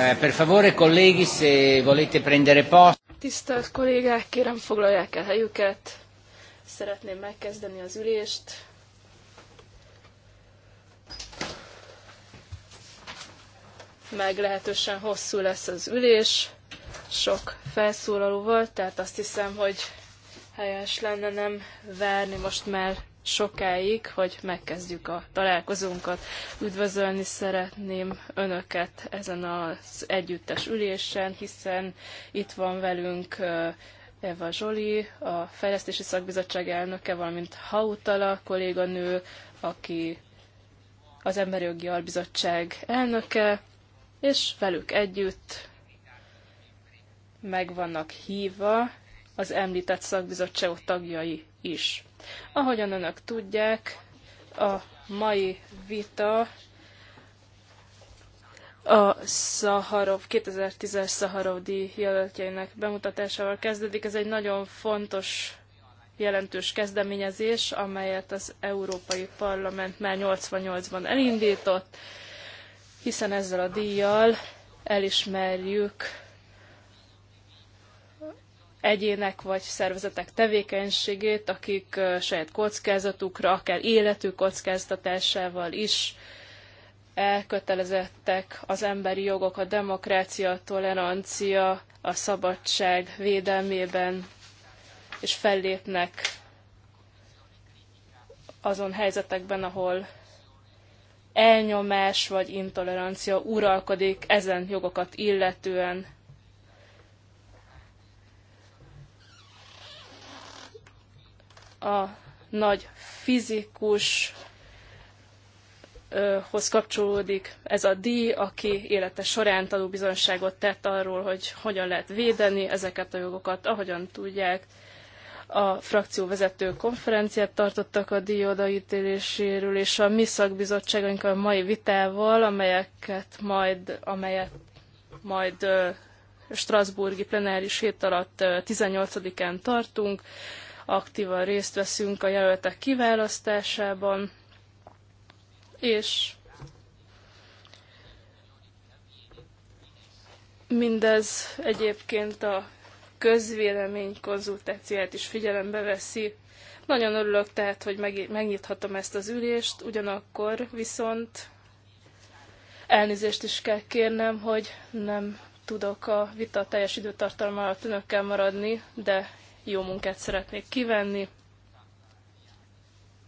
Eh, per favore, colleghi, se volete prendere posto. Tisztelt kollégák, kérem foglalják el helyüket. Szeretném megkezdeni az ülést. Meglehetősen hosszú lesz az ülés. Sok felszólaló volt, tehát azt hiszem, hogy helyes lenne nem várni most már sokáig, hogy megkezdjük a találkozónkat. Üdvözölni szeretném Önöket ezen az együttes ülésen, hiszen itt van velünk Eva Zsoli, a Fejlesztési Szakbizottság elnöke, valamint Hautala kolléganő, aki az Emberi Jogi Albizottság elnöke, és velük együtt meg vannak hívva az említett szakbizottságok tagjai is. Ahogyan önök tudják, a mai vita a Szaharov, 2010-es Szaharov díj jelöltjeinek bemutatásával kezdődik. Ez egy nagyon fontos, jelentős kezdeményezés, amelyet az Európai Parlament már 88-ban elindított, hiszen ezzel a díjjal elismerjük egyének vagy szervezetek tevékenységét, akik saját kockázatukra, akár életük kockáztatásával is elkötelezettek az emberi jogok, a demokrácia, a tolerancia, a szabadság védelmében, és fellépnek azon helyzetekben, ahol elnyomás vagy intolerancia uralkodik ezen jogokat illetően a nagy fizikus hoz kapcsolódik ez a díj, aki élete során tanúbizonságot tett arról, hogy hogyan lehet védeni ezeket a jogokat, ahogyan tudják. A frakcióvezető konferenciát tartottak a díj odaítéléséről, és a mi szakbizottságunk a mai vitával, amelyeket majd, amelyet majd Strasburgi plenáris hét alatt 18-án tartunk, aktívan részt veszünk a jelöltek kiválasztásában, és mindez egyébként a közvélemény konzultáciát is figyelembe veszi. Nagyon örülök tehát, hogy megnyithatom ezt az ülést, ugyanakkor viszont elnézést is kell kérnem, hogy nem tudok a vita teljes időtartalma alatt önökkel maradni, de jó munkát szeretnék kivenni,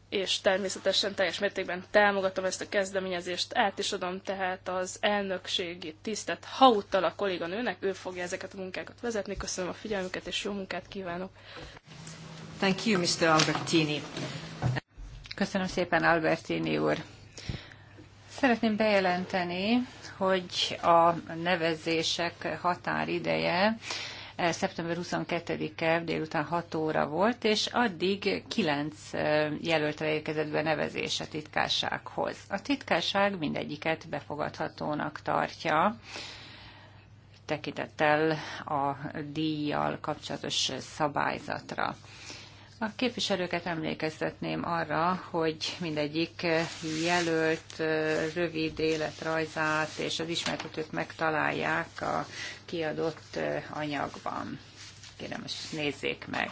és természetesen teljes mértékben támogatom ezt a kezdeményezést, át is adom tehát az elnökségi tisztet Hauttal a kolléganőnek, ő fogja ezeket a munkákat vezetni. Köszönöm a figyelmüket, és jó munkát kívánok! Thank you, Mr. Albertini. Köszönöm szépen, Albertini úr. Szeretném bejelenteni, hogy a nevezések határideje szeptember 22-e délután 6 óra volt, és addig 9 jelöltre érkezett be nevezés a titkársághoz. A titkárság mindegyiket befogadhatónak tartja, tekintettel a díjjal kapcsolatos szabályzatra. A képviselőket emlékeztetném arra, hogy mindegyik jelölt rövid életrajzát és az ismertetőt megtalálják a kiadott anyagban. Kérem, most nézzék meg.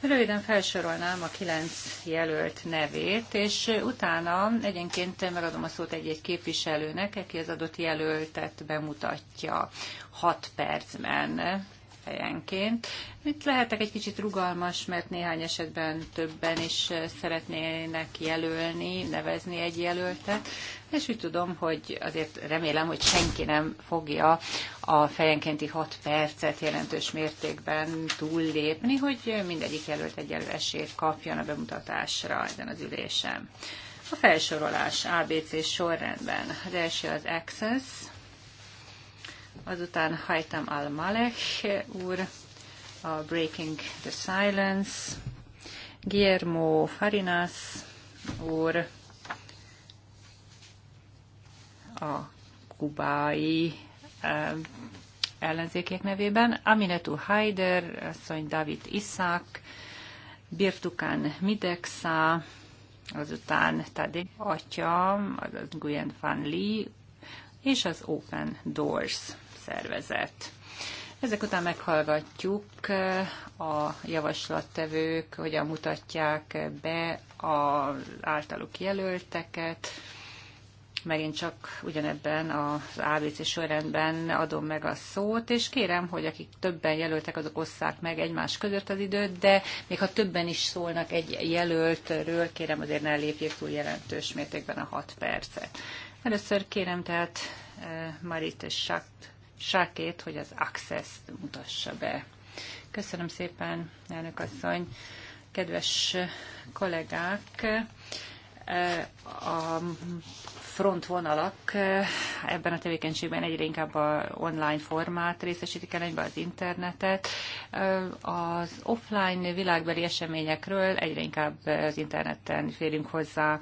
Röviden felsorolnám a kilenc jelölt nevét, és utána egyenként megadom a szót egy-egy képviselőnek, aki az adott jelöltet bemutatja hat percben helyenként. Itt lehetek egy kicsit rugalmas, mert néhány esetben többen is szeretnének jelölni, nevezni egy jelöltet, és úgy tudom, hogy azért remélem, hogy senki nem fogja a fejenkénti 6 percet jelentős mértékben túllépni, hogy mindegyik jelölt egy esélyt kapjon a bemutatásra ezen az ülésen. A felsorolás ABC sorrendben. Az első az Access, azután Hajtam Al-Malek úr, a Breaking the Silence, Guillermo Farinas úr, a kubai ellenzékek nevében, Aminetu Haider, asszony David Iszák, Birtukán Midexa, azután Tadé atya, azaz Guyen Van Lee, és az Open Doors szervezet. Ezek után meghallgatjuk eh, a javaslattevők, hogyan mutatják be az általuk jelölteket. Megint csak ugyanebben az ABC sorrendben adom meg a szót, és kérem, hogy akik többen jelöltek, azok osszák meg egymás között az időt, de még ha többen is szólnak egy jelöltről, kérem azért ne lépjék túl jelentős mértékben a hat percet. Először kérem tehát eh, Marit és Schacht sákét, hogy az access mutassa be. Köszönöm szépen, elnök asszony, kedves kollégák! A frontvonalak eh, ebben a tevékenységben egyre inkább a online formát részesítik egybe az internetet. Eh, az offline világbeli eseményekről egyre inkább az interneten férünk hozzá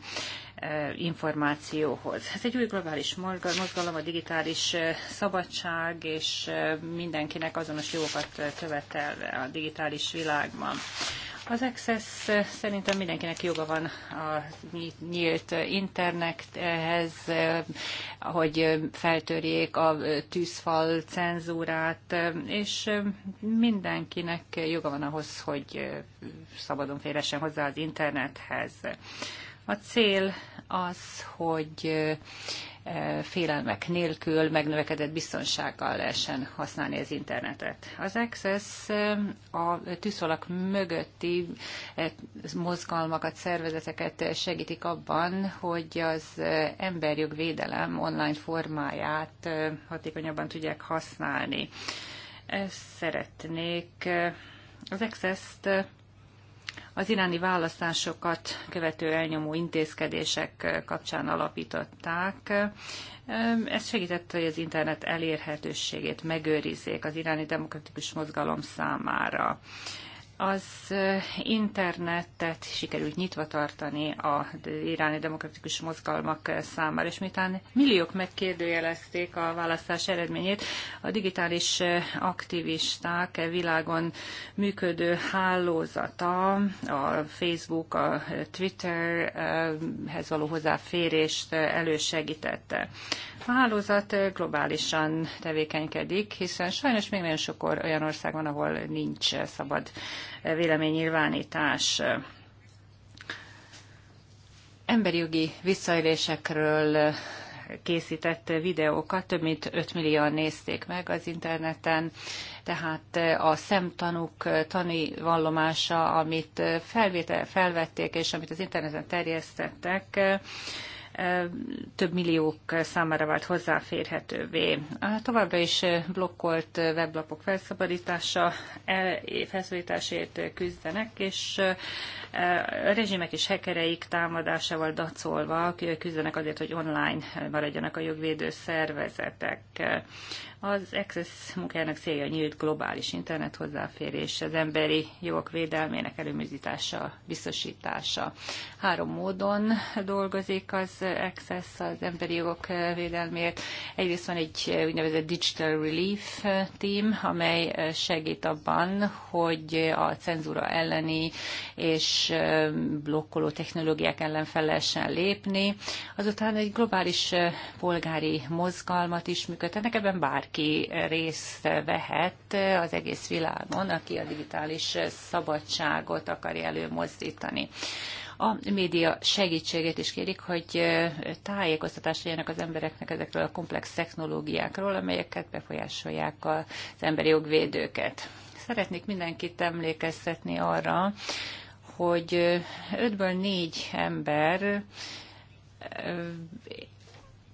információhoz. Ez egy új globális mozgalom, a digitális szabadság, és mindenkinek azonos jogokat követel a digitális világban. Az Access szerintem mindenkinek joga van a nyílt internethez, hogy feltörjék a tűzfal cenzúrát, és mindenkinek joga van ahhoz, hogy szabadon félesen hozzá az internethez. A cél az, hogy félelmek nélkül megnövekedett biztonsággal lehessen használni az internetet. Az Access a tűzolak mögötti mozgalmakat, szervezeteket segítik abban, hogy az emberjogvédelem online formáját hatékonyabban tudják használni. Szeretnék az Access-t az iráni választásokat követő elnyomó intézkedések kapcsán alapították. Ez segített, hogy az internet elérhetőségét megőrizzék az iráni demokratikus mozgalom számára az internetet sikerült nyitva tartani a iráni demokratikus mozgalmak számára, és miután milliók megkérdőjelezték a választás eredményét, a digitális aktivisták világon működő hálózata, a Facebook, a Twitterhez való hozzáférést elősegítette. A hálózat globálisan tevékenykedik, hiszen sajnos még nagyon sok olyan ország van, ahol nincs szabad véleménynyilvánítás. Emberi jogi visszaélésekről készített videókat több mint 5 millióan nézték meg az interneten, tehát a szemtanúk tani vallomása, amit felvétel, felvették és amit az interneten terjesztettek, több milliók számára vált hozzáférhetővé. A továbbra is blokkolt weblapok felszabadítása, e, felszabadításért küzdenek, és a rezsimek és hekereik támadásával dacolva küzdenek azért, hogy online maradjanak a jogvédő szervezetek. Az Access munkájának célja a nyílt globális internet hozzáférés, az emberi jogok védelmének előműzítása, biztosítása. Három módon dolgozik az Access az emberi jogok védelmért. Egyrészt van egy úgynevezett Digital Relief Team, amely segít abban, hogy a cenzúra elleni és és blokkoló technológiák ellen fel lehessen lépni. Azután egy globális polgári mozgalmat is működtetnek, ebben bárki részt vehet az egész világon, aki a digitális szabadságot akarja előmozdítani a média segítségét is kérik, hogy tájékoztatást legyenek az embereknek ezekről a komplex technológiákról, amelyeket befolyásolják az emberi jogvédőket. Szeretnék mindenkit emlékeztetni arra, hogy ötből négy ember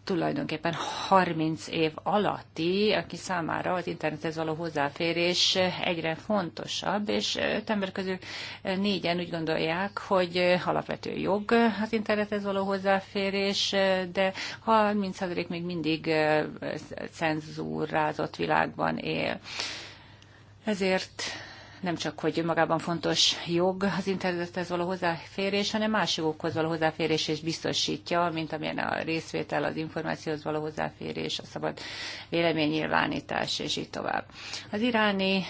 tulajdonképpen 30 év alatti, aki számára az internethez való hozzáférés egyre fontosabb, és öt ember közül négyen úgy gondolják, hogy alapvető jog az internethez való hozzáférés, de 30% még mindig cenzúrázott világban él. Ezért nem csak, hogy magában fontos jog az internethez való hozzáférés, hanem más jogokhoz való hozzáférés is biztosítja, mint amilyen a részvétel, az információhoz való hozzáférés, a szabad véleménynyilvánítás, és így tovább. Az iráni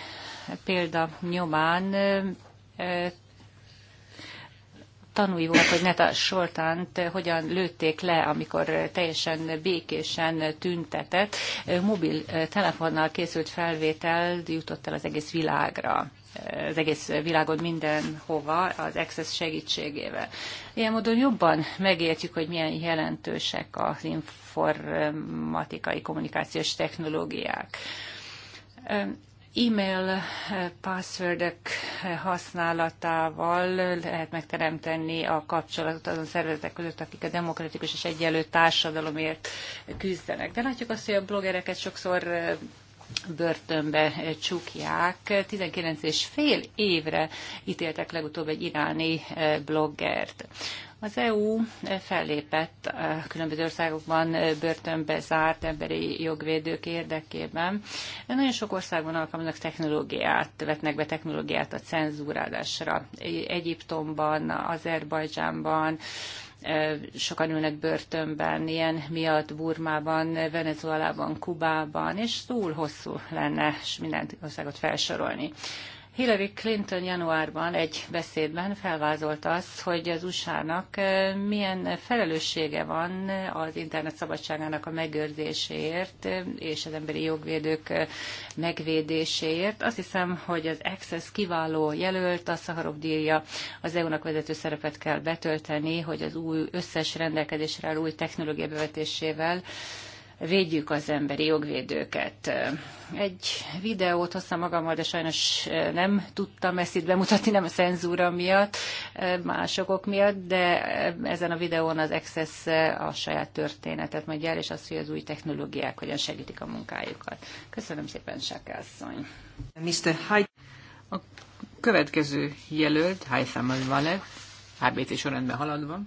példa nyomán tanúi volt, hogy Neta Soltánt hogyan lőtték le, amikor teljesen békésen tüntetett. Mobil telefonnal készült felvétel jutott el az egész világra az egész világon mindenhova az Access segítségével. Ilyen módon jobban megértjük, hogy milyen jelentősek az informatikai kommunikációs technológiák e-mail passwordök használatával lehet megteremteni a kapcsolatot azon szervezetek között, akik a demokratikus és egyenlő társadalomért küzdenek. De látjuk azt, hogy a blogereket sokszor börtönbe csukják. 19 és fél évre ítéltek legutóbb egy iráni eh, bloggert. Az EU eh, fellépett a eh, különböző országokban börtönbe zárt emberi jogvédők érdekében. Nagyon sok országban alkalmaznak technológiát, vetnek be technológiát a cenzúrálásra. Egyiptomban, Azerbajdzsánban, sokan ülnek börtönben, ilyen miatt Burmában, Venezuelában, Kubában, és túl hosszú lenne mindent országot felsorolni. Hillary Clinton januárban egy beszédben felvázolta azt, hogy az USA-nak eh, milyen felelőssége van az internet szabadságának a megőrzéséért eh, és az emberi jogvédők eh, megvédéséért. Azt hiszem, hogy az Access kiváló jelölt, a Szaharov díja az EU-nak vezető szerepet kell betölteni, hogy az új összes rendelkezésre álló új technológia bevetésével védjük az emberi jogvédőket. Egy videót hoztam magammal, de sajnos nem tudtam ezt itt bemutatni, nem a cenzúra miatt, másokok miatt, de ezen a videón az Access a saját történetet mondja el, és azt, hogy az új technológiák hogyan segítik a munkájukat. Köszönöm szépen, Sákelszony. Mr. Hyde. A következő jelölt, Haitham Vale, HBT sorrendben haladva.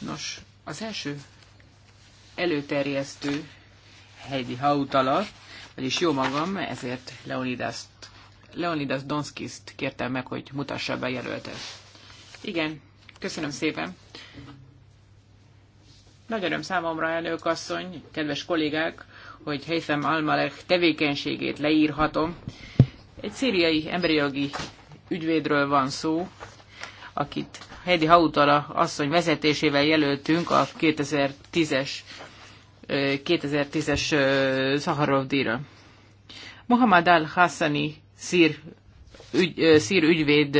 Nos, az első előterjesztő Heidi Hautala, vagyis jó magam, ezért Leonidas, Leonidas Donskiszt kértem meg, hogy mutassa be jelöltet. Igen, köszönöm szépen. Nagy öröm számomra, elnök asszony, kedves kollégák, hogy Heitham Almalek tevékenységét leírhatom. Egy szíriai emberi jogi ügyvédről van szó, akit Heidi Hautala asszony vezetésével jelöltünk a 2010-es 2010-es Szaharov díjra. Mohamed al-Hassani szír, ügy, szír ügyvéd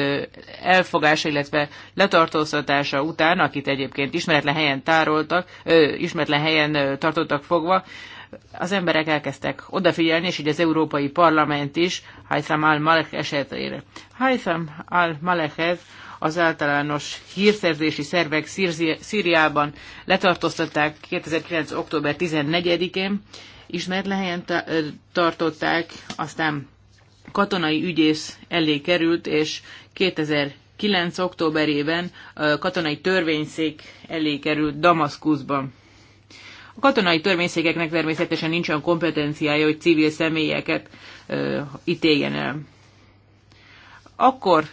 elfogása, illetve letartóztatása után, akit egyébként ismeretlen helyen tároltak, ismeretlen helyen tartottak fogva, az emberek elkezdtek odafigyelni, és így az Európai Parlament is Haitham al-Malek esetére. Haitham al-Malekhez az általános hírszerzési szervek Szíriában letartóztatták 2009. október 14-én, ismeretlen helyen tartották, aztán katonai ügyész elé került, és 2009. októberében katonai törvényszék elé került Damaszkuszban. A katonai törvényszékeknek természetesen nincs olyan kompetenciája, hogy civil személyeket ö, ítéljen el. Akkor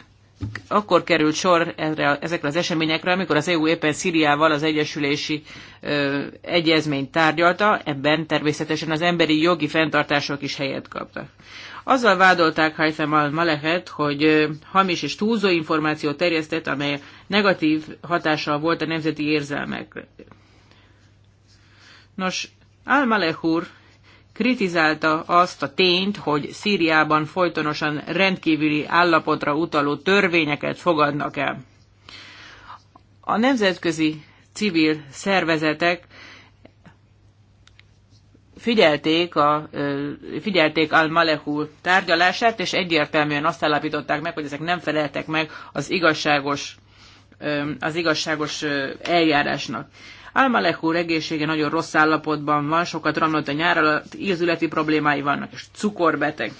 akkor került sor erre, ezekre az eseményekre, amikor az EU éppen Szíriával az egyesülési ö, egyezményt tárgyalta, ebben természetesen az emberi jogi fenntartások is helyet kaptak. Azzal vádolták Haifem al-Malehet, hogy ö, hamis és túlzó információ terjesztett, amely negatív hatással volt a nemzeti érzelmekre. Nos, al-Maleh úr kritizálta azt a tényt, hogy Szíriában folytonosan rendkívüli állapotra utaló törvényeket fogadnak el. A nemzetközi civil szervezetek figyelték, a, figyelték Al-Malehu tárgyalását, és egyértelműen azt állapították meg, hogy ezek nem feleltek meg az igazságos, az igazságos eljárásnak. Álmalek úr egészsége nagyon rossz állapotban van, sokat ramlott a nyár alatt, ízületi problémái vannak, és cukorbeteg.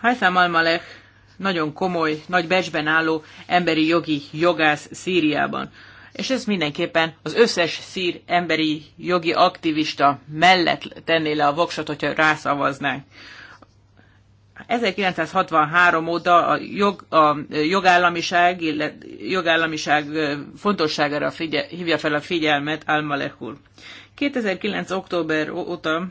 Hajszám Almalek nagyon komoly, nagy becsben álló emberi jogi jogász Szíriában. És ezt mindenképpen az összes szír emberi jogi aktivista mellett tenné le a voksot, hogyha rászavaznánk. 1963 óta a, jog, a jogállamiság, illet, jogállamiság fontosságára figye hívja fel a figyelmet Alma úr. 2009. október óta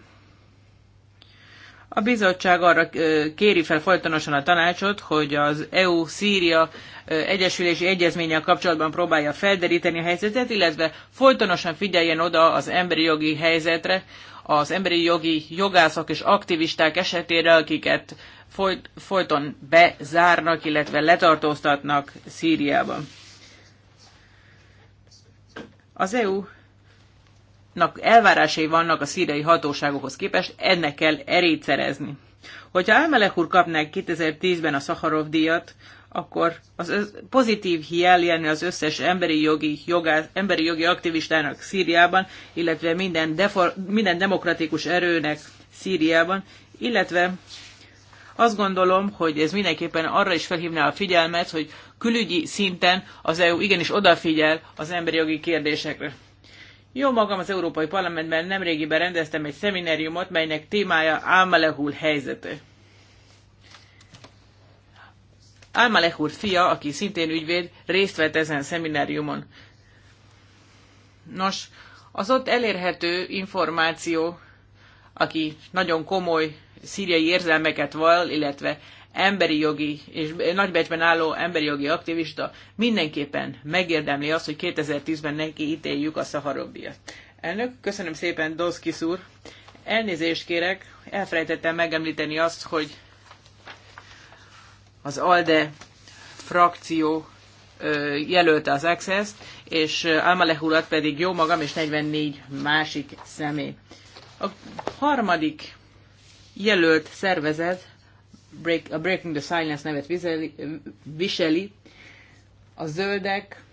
a bizottság arra kéri fel folytonosan a tanácsot, hogy az EU-Szíria egyesülési egyezménnyel kapcsolatban próbálja felderíteni a helyzetet, illetve folytonosan figyeljen oda az emberi jogi helyzetre, az emberi jogi jogászok és aktivisták esetére, akiket folyt, folyton bezárnak, illetve letartóztatnak Szíriában. Az EU-nak elvárásai vannak a szíriai hatóságokhoz képest, ennek kell erét szerezni. Hogyha Elmelek úr kapná 2010-ben a Szaharov díjat, akkor az pozitív hiel lenne az összes emberi jogi, jogász, emberi jogi aktivistának Szíriában, illetve minden, defor, minden demokratikus erőnek Szíriában, illetve azt gondolom, hogy ez mindenképpen arra is felhívná a figyelmet, hogy külügyi szinten az EU igenis odafigyel az emberi jogi kérdésekre. Jó magam az Európai Parlamentben nemrégiben rendeztem egy szemináriumot, melynek témája Ámalehul helyzete. Álmalech úr fia, aki szintén ügyvéd, részt vett ezen szemináriumon. Nos, az ott elérhető információ, aki nagyon komoly szíriai érzelmeket val, illetve emberi jogi és nagybecsben álló emberi jogi aktivista mindenképpen megérdemli azt, hogy 2010-ben neki ítéljük a szaharobbiat. Elnök, köszönöm szépen, Doszkis úr. Elnézést kérek, elfelejtettem megemlíteni azt, hogy az ALDE frakció jelölte az access és Alma urat pedig jó magam és 44 másik személy. A harmadik jelölt szervezet Break, a Breaking the Silence nevet viseli, a zöldek,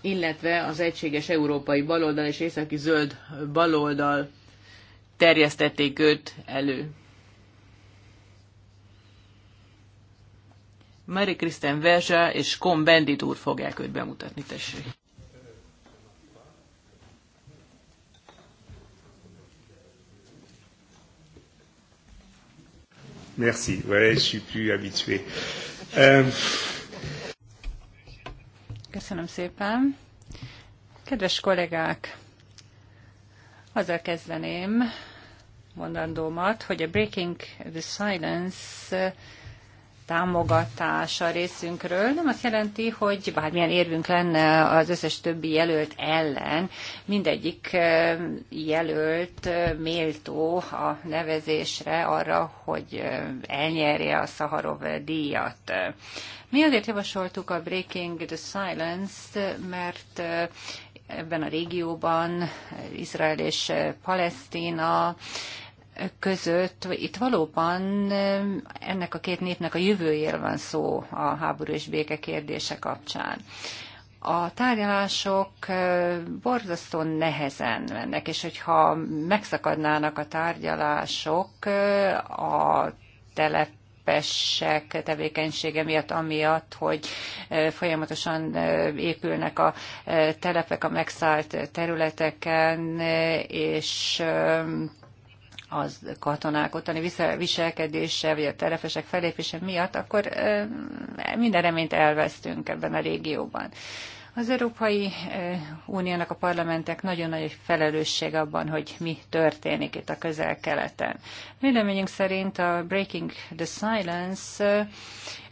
illetve az egységes európai baloldal és északi zöld baloldal terjesztették őt elő. Mary Kristen Verzsa és Kom Bendit úr fogják őt bemutatni, tessék. Merci. Ouais, je suis plus habitué. Euh, Köszönöm szépen. Kedves kollégák, azzal kezdeném mondandómat, hogy a Breaking the Silence támogatása részünkről nem azt jelenti, hogy bármilyen érvünk lenne az összes többi jelölt ellen, mindegyik eh, jelölt eh, méltó a nevezésre arra, hogy eh, elnyerje a Szaharov díjat. Mi azért javasoltuk a Breaking the Silence, mert ebben a régióban, Izrael és Palesztina között, itt valóban ennek a két népnek a jövőjéről van szó a háború és béke kérdése kapcsán. A tárgyalások borzasztó nehezen mennek, és hogyha megszakadnának a tárgyalások a telep Pessek tevékenysége miatt, amiatt, hogy folyamatosan épülnek a telepek a megszállt területeken, és az katonák ottani viselkedése, vagy a terefesek felépése miatt, akkor minden reményt elvesztünk ebben a régióban. Az Európai eh, Uniónak a parlamentek nagyon nagy felelősség abban, hogy mi történik itt a közel-keleten. Véleményünk szerint a Breaking the Silence eh,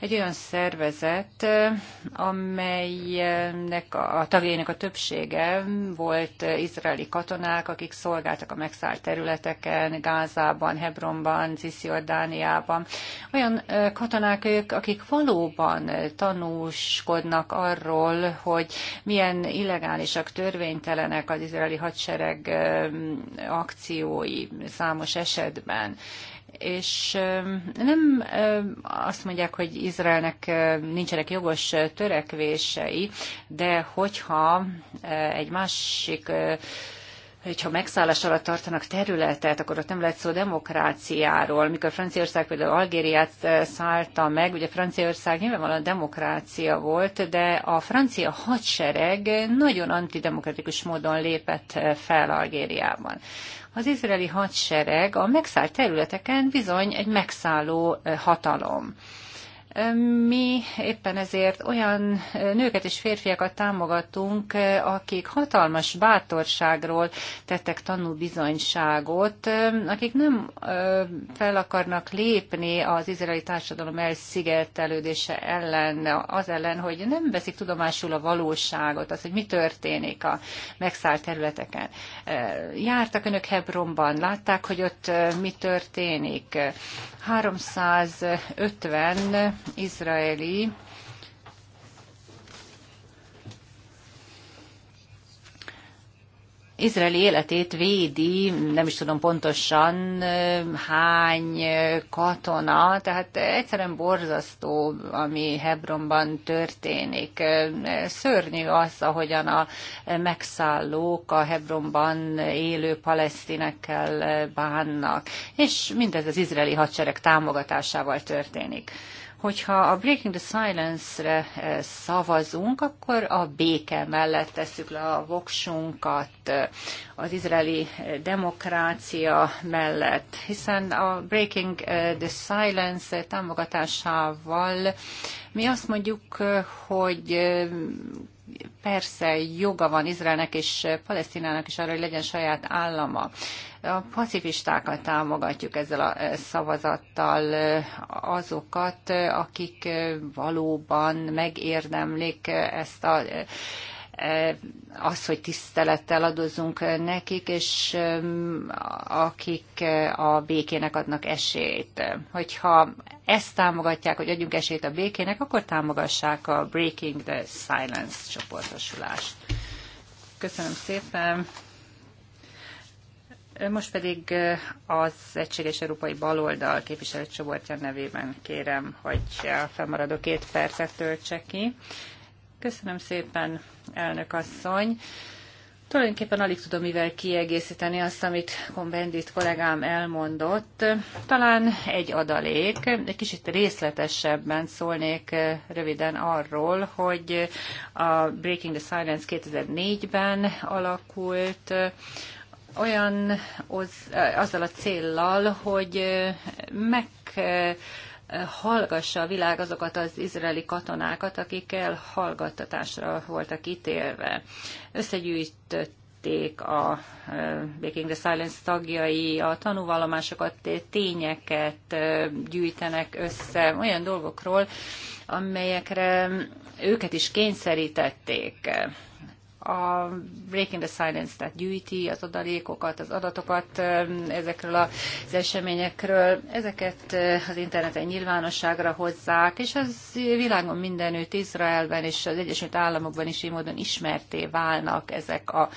egy olyan szervezet, eh, amelynek a tagjainak a többsége volt izraeli katonák, akik szolgáltak a megszállt területeken, Gázában, Hebronban, Cisziordániában. Olyan katonák ők, akik valóban tanúskodnak arról, hogy hogy milyen illegálisak, törvénytelenek az izraeli hadsereg akciói számos esetben és nem azt mondják, hogy Izraelnek nincsenek jogos törekvései, de hogyha egy másik hogyha megszállás alatt tartanak területet, akkor ott nem lehet szó demokráciáról. Mikor Franciaország például Algériát eh, szállta meg, ugye Franciaország nyilvánvalóan demokrácia volt, de a francia hadsereg nagyon antidemokratikus módon lépett eh, fel Algériában. Az izraeli hadsereg a megszállt területeken bizony egy megszálló eh, hatalom. Mi éppen ezért olyan nőket és férfiakat támogatunk, akik hatalmas bátorságról tettek tanúbizonyságot, akik nem fel akarnak lépni az izraeli társadalom elszigetelődése ellen, az ellen, hogy nem veszik tudomásul a valóságot, az, hogy mi történik a megszállt területeken. Jártak önök Hebronban, látták, hogy ott mi történik. 350 izraeli izraeli életét védi, nem is tudom pontosan hány katona, tehát egyszerűen borzasztó, ami Hebronban történik. Szörnyű az, ahogyan a megszállók a Hebronban élő palesztinekkel bánnak, és mindez az izraeli hadsereg támogatásával történik hogyha a Breaking the Silence-re eh, szavazunk, akkor a béke mellett tesszük le a voksunkat eh, az izraeli eh, demokrácia mellett, hiszen a Breaking the Silence támogatásával mi azt mondjuk, hogy persze joga van Izraelnek és Palesztinának is arra, hogy legyen saját állama. A pacifistákat támogatjuk ezzel a szavazattal azokat, akik valóban megérdemlik ezt a Eh, az, hogy tisztelettel adozunk nekik, és eh, akik eh, a békének adnak esélyt. Hogyha ezt támogatják, hogy adjunk esélyt a békének, akkor támogassák a Breaking the Silence csoportosulást. Köszönöm szépen! Most pedig az Egységes Európai Baloldal képviselőcsoportja nevében kérem, hogy a felmaradó két percet töltse ki. Köszönöm szépen, elnök asszony. Tulajdonképpen alig tudom mivel kiegészíteni azt, amit Konbendit kollégám elmondott. Talán egy adalék, egy kicsit részletesebben szólnék eh, röviden arról, hogy a Breaking the Silence 2004-ben alakult, eh, olyan az, eh, azzal a céllal, hogy meg hallgassa a világ azokat az izraeli katonákat, akik elhallgattatásra voltak ítélve. Összegyűjtött a Baking the Silence tagjai, a tanúvallomásokat, tényeket gyűjtenek össze, olyan dolgokról, amelyekre őket is kényszerítették a Breaking the Silence, tehát gyűjti az adalékokat, az adatokat ezekről az eseményekről. Ezeket eh, az interneten nyilvánosságra hozzák, és az világon mindenütt, Izraelben és az Egyesült Államokban is így módon ismerté válnak ezek a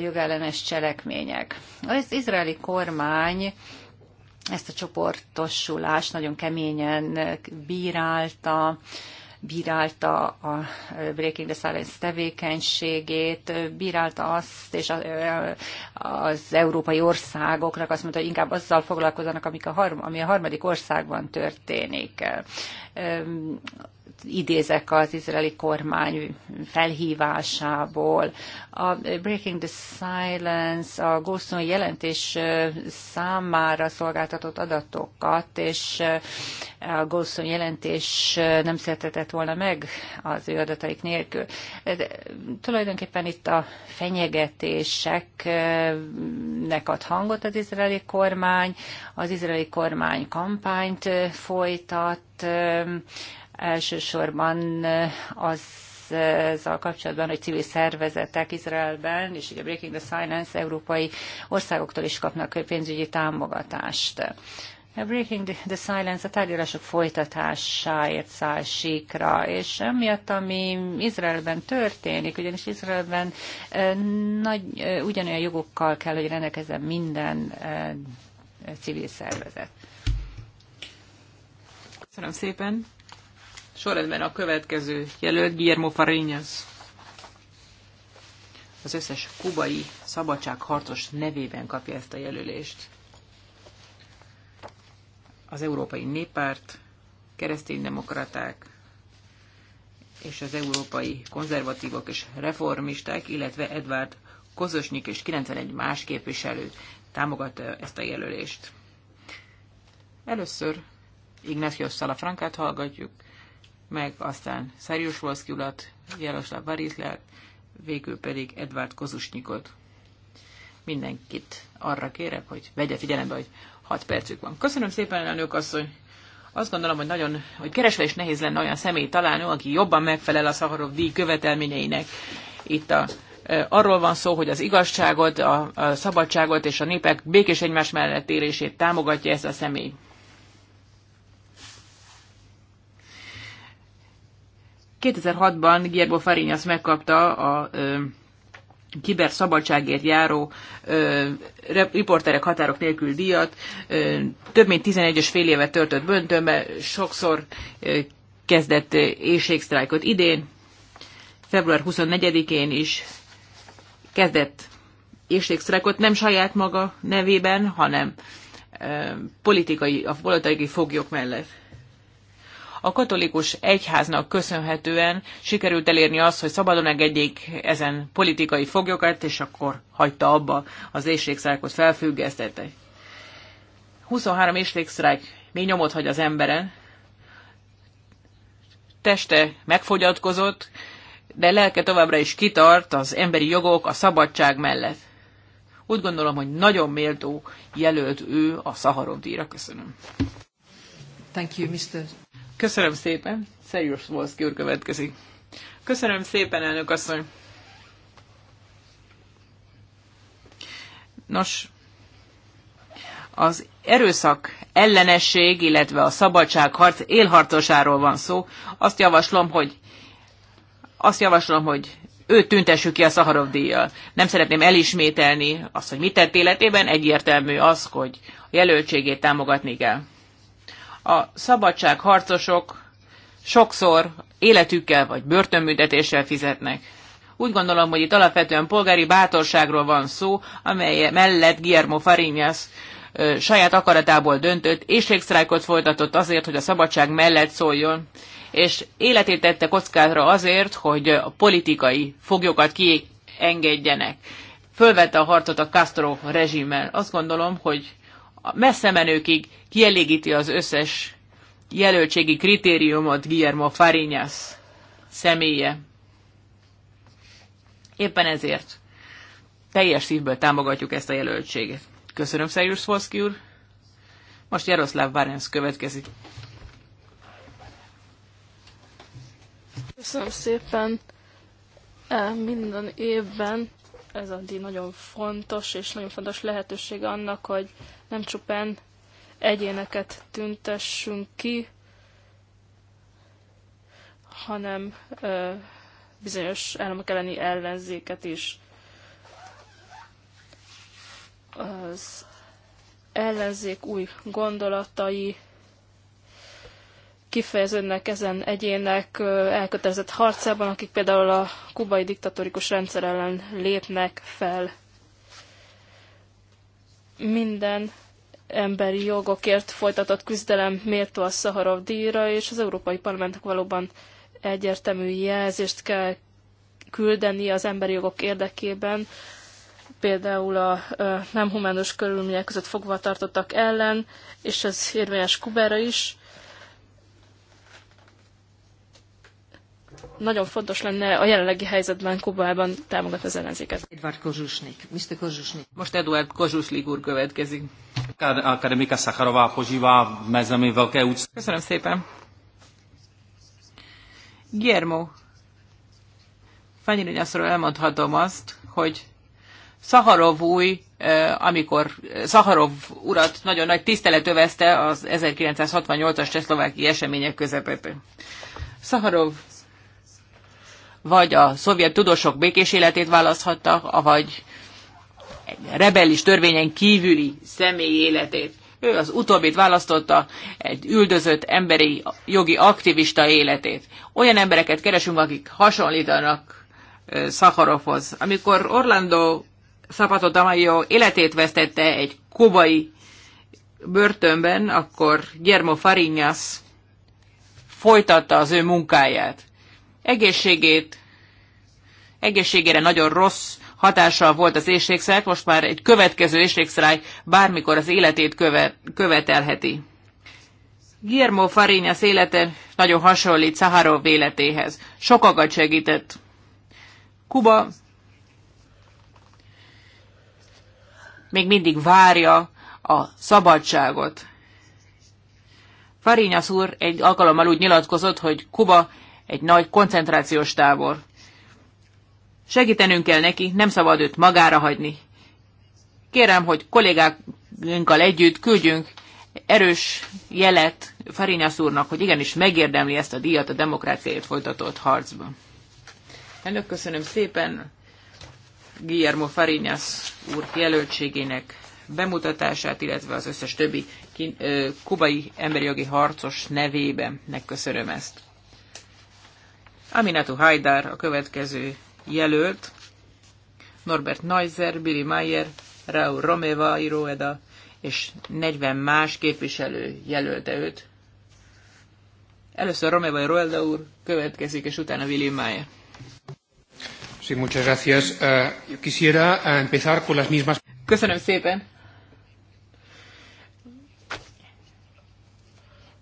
jogellenes cselekmények. Az izraeli kormány ezt a csoportosulást nagyon keményen bírálta, bírálta a Breaking the Silence tevékenységét, bírálta azt, és az európai országoknak azt mondta, hogy inkább azzal foglalkozzanak, amik a harm, ami a harmadik országban történik idézek az izraeli kormány felhívásából. A Breaking the Silence, a Gószon jelentés számára szolgáltatott adatokat, és a Gószon jelentés nem született volna meg az ő adataik nélkül. De tulajdonképpen itt a fenyegetéseknek ad hangot az izraeli kormány, az izraeli kormány kampányt folytat, Elsősorban eh, az ezzel kapcsolatban, hogy civil szervezetek Izraelben, és ugye Breaking the Silence európai országoktól is kapnak pénzügyi támogatást. A Breaking the Silence a tárgyalások folytatásáért száll síkra, és emiatt, ami Izraelben történik, ugyanis Izraelben eh, nagy, eh, ugyanolyan jogokkal kell, hogy rendelkezzen minden civil szervezet. Köszönöm szépen. Sorrendben a következő jelölt Guillermo Farinhas. Az összes kubai szabadságharcos nevében kapja ezt a jelölést. Az Európai Néppárt, kereszténydemokraták és az európai konzervatívok és reformisták, illetve Edward Kozosnyik és 91 más képviselő támogatta ezt a jelölést. Először Ignacio Salafrancát hallgatjuk, meg aztán Szerjus Volszki urat, Jaroslav Varitlát, végül pedig Edvard Kozusnyikot. Mindenkit arra kérek, hogy vegye figyelembe, hogy 6 percük van. Köszönöm szépen, elnök asszony! Azt gondolom, hogy nagyon, hogy keresve is nehéz lenne olyan személy találni, aki jobban megfelel a Szaharov díj követelményeinek. Itt a arról van szó, hogy az igazságot, a, a szabadságot és a népek békés egymás mellett érését támogatja ez a személy. 2006-ban Gierbo Farinas megkapta a ö, kiber szabadságért járó ö, riporterek határok nélkül díjat. Ö, több mint 11-es fél évet töltött böntönbe, sokszor ö, kezdett éjségsztrájkot idén. Február 24-én is kezdett éjségsztrájkot, nem saját maga nevében, hanem ö, politikai, a politikai foglyok mellett. A katolikus egyháznak köszönhetően sikerült elérni azt, hogy szabadon engedjék ezen politikai foglyokat, és akkor hagyta abba az éjségsztrájkot, felfüggesztette. 23 éjségsztrájk még nyomot hagy az emberen, teste megfogyatkozott, de lelke továbbra is kitart az emberi jogok, a szabadság mellett. Úgy gondolom, hogy nagyon méltó jelölt ő a Szaharov díjra. Köszönöm. Thank you, Mr. Köszönöm szépen. Szerjus Volszki úr következik. Köszönöm szépen, elnök asszony. Nos, az erőszak ellenesség, illetve a szabadságharc élharcosáról van szó. Azt javaslom, hogy azt javaslom, hogy őt tüntessük ki a Szaharov díjjal. Nem szeretném elismételni azt, hogy mit tett életében, egyértelmű az, hogy a jelöltségét támogatni kell a szabadságharcosok sokszor életükkel vagy börtönbüntetéssel fizetnek. Úgy gondolom, hogy itt alapvetően polgári bátorságról van szó, amely mellett Guillermo Farinas saját akaratából döntött, és éjségsztrájkot folytatott azért, hogy a szabadság mellett szóljon, és életét tette kockára azért, hogy a politikai foglyokat kiengedjenek. Fölvette a harcot a Castro rezsimmel. Azt gondolom, hogy messze menőkig kielégíti az összes jelöltségi kritériumot Guillermo Farinyas személye. Éppen ezért teljes szívből támogatjuk ezt a jelöltséget. Köszönöm, Szerjus Foszki úr. Most Jaroszláv Várensz következik. Köszönöm szépen. E, minden évben ez a díj nagyon fontos, és nagyon fontos lehetősége annak, hogy nem csupán egyéneket tüntessünk ki, hanem ö, bizonyos államok elleni ellenzéket is. Az ellenzék új gondolatai kifejeződnek ezen egyének elkötelezett harcában, akik például a kubai diktatórikus rendszer ellen lépnek fel minden emberi jogokért folytatott küzdelem méltó a Szaharov díjra, és az Európai Parlamentnek valóban egyértelmű jelzést kell küldeni az emberi jogok érdekében, például a nem humánus körülmények között fogvatartottak ellen, és ez érvényes Kubára is. nagyon fontos lenne a jelenlegi helyzetben Kubában támogatni az ellenzéket. Edward Kozsusnik. Mr. Kozsusnik. Most Edward Kozsuslik úr következik. Akademika Szacharová pozsívá mezemi velké úc. Köszönöm szépen. Guillermo, Fanyi elmondhatom azt, hogy Szaharov új, amikor Szaharov urat nagyon nagy tisztelet övezte az 1968-as csehszlováki események közepette. Szaharov vagy a szovjet tudósok békés életét választhattak, vagy egy rebelis törvényen kívüli személy életét. Ő az utóbbit választotta, egy üldözött emberi jogi aktivista életét. Olyan embereket keresünk, akik hasonlítanak Szaharovhoz. Amikor Orlando Szapato Tamayo életét vesztette egy kubai börtönben, akkor Guillermo Farinas folytatta az ő munkáját egészségét, egészségére nagyon rossz hatással volt az éjségszert, most már egy következő éjségszrály bármikor az életét köve, követelheti. Guillermo Farinas élete nagyon hasonlít Szaharov véletéhez. Sokakat segített. Kuba még mindig várja a szabadságot. Farinas úr egy alkalommal úgy nyilatkozott, hogy Kuba egy nagy koncentrációs tábor. Segítenünk kell neki, nem szabad őt magára hagyni. Kérem, hogy kollégákkal együtt küldjünk erős jelet Farinyasz úrnak, hogy igenis megérdemli ezt a díjat a demokráciáért folytatott harcban. Elnök, köszönöm szépen Guillermo Farinyasz úr jelöltségének bemutatását, illetve az összes többi kubai emberi jogi harcos nevében megköszönöm ezt. Aminatu Haidar a következő jelölt, Norbert Neuser, Billy Mayer, Raúl Romeva, íróeda, és 40 más képviselő jelölte őt. Először Romeva Iroeda úr, következik, és utána Billy Mayer. Sí, muchas gracias. Uh, quisiera eh, empezar por las mismas... Köszönöm szépen.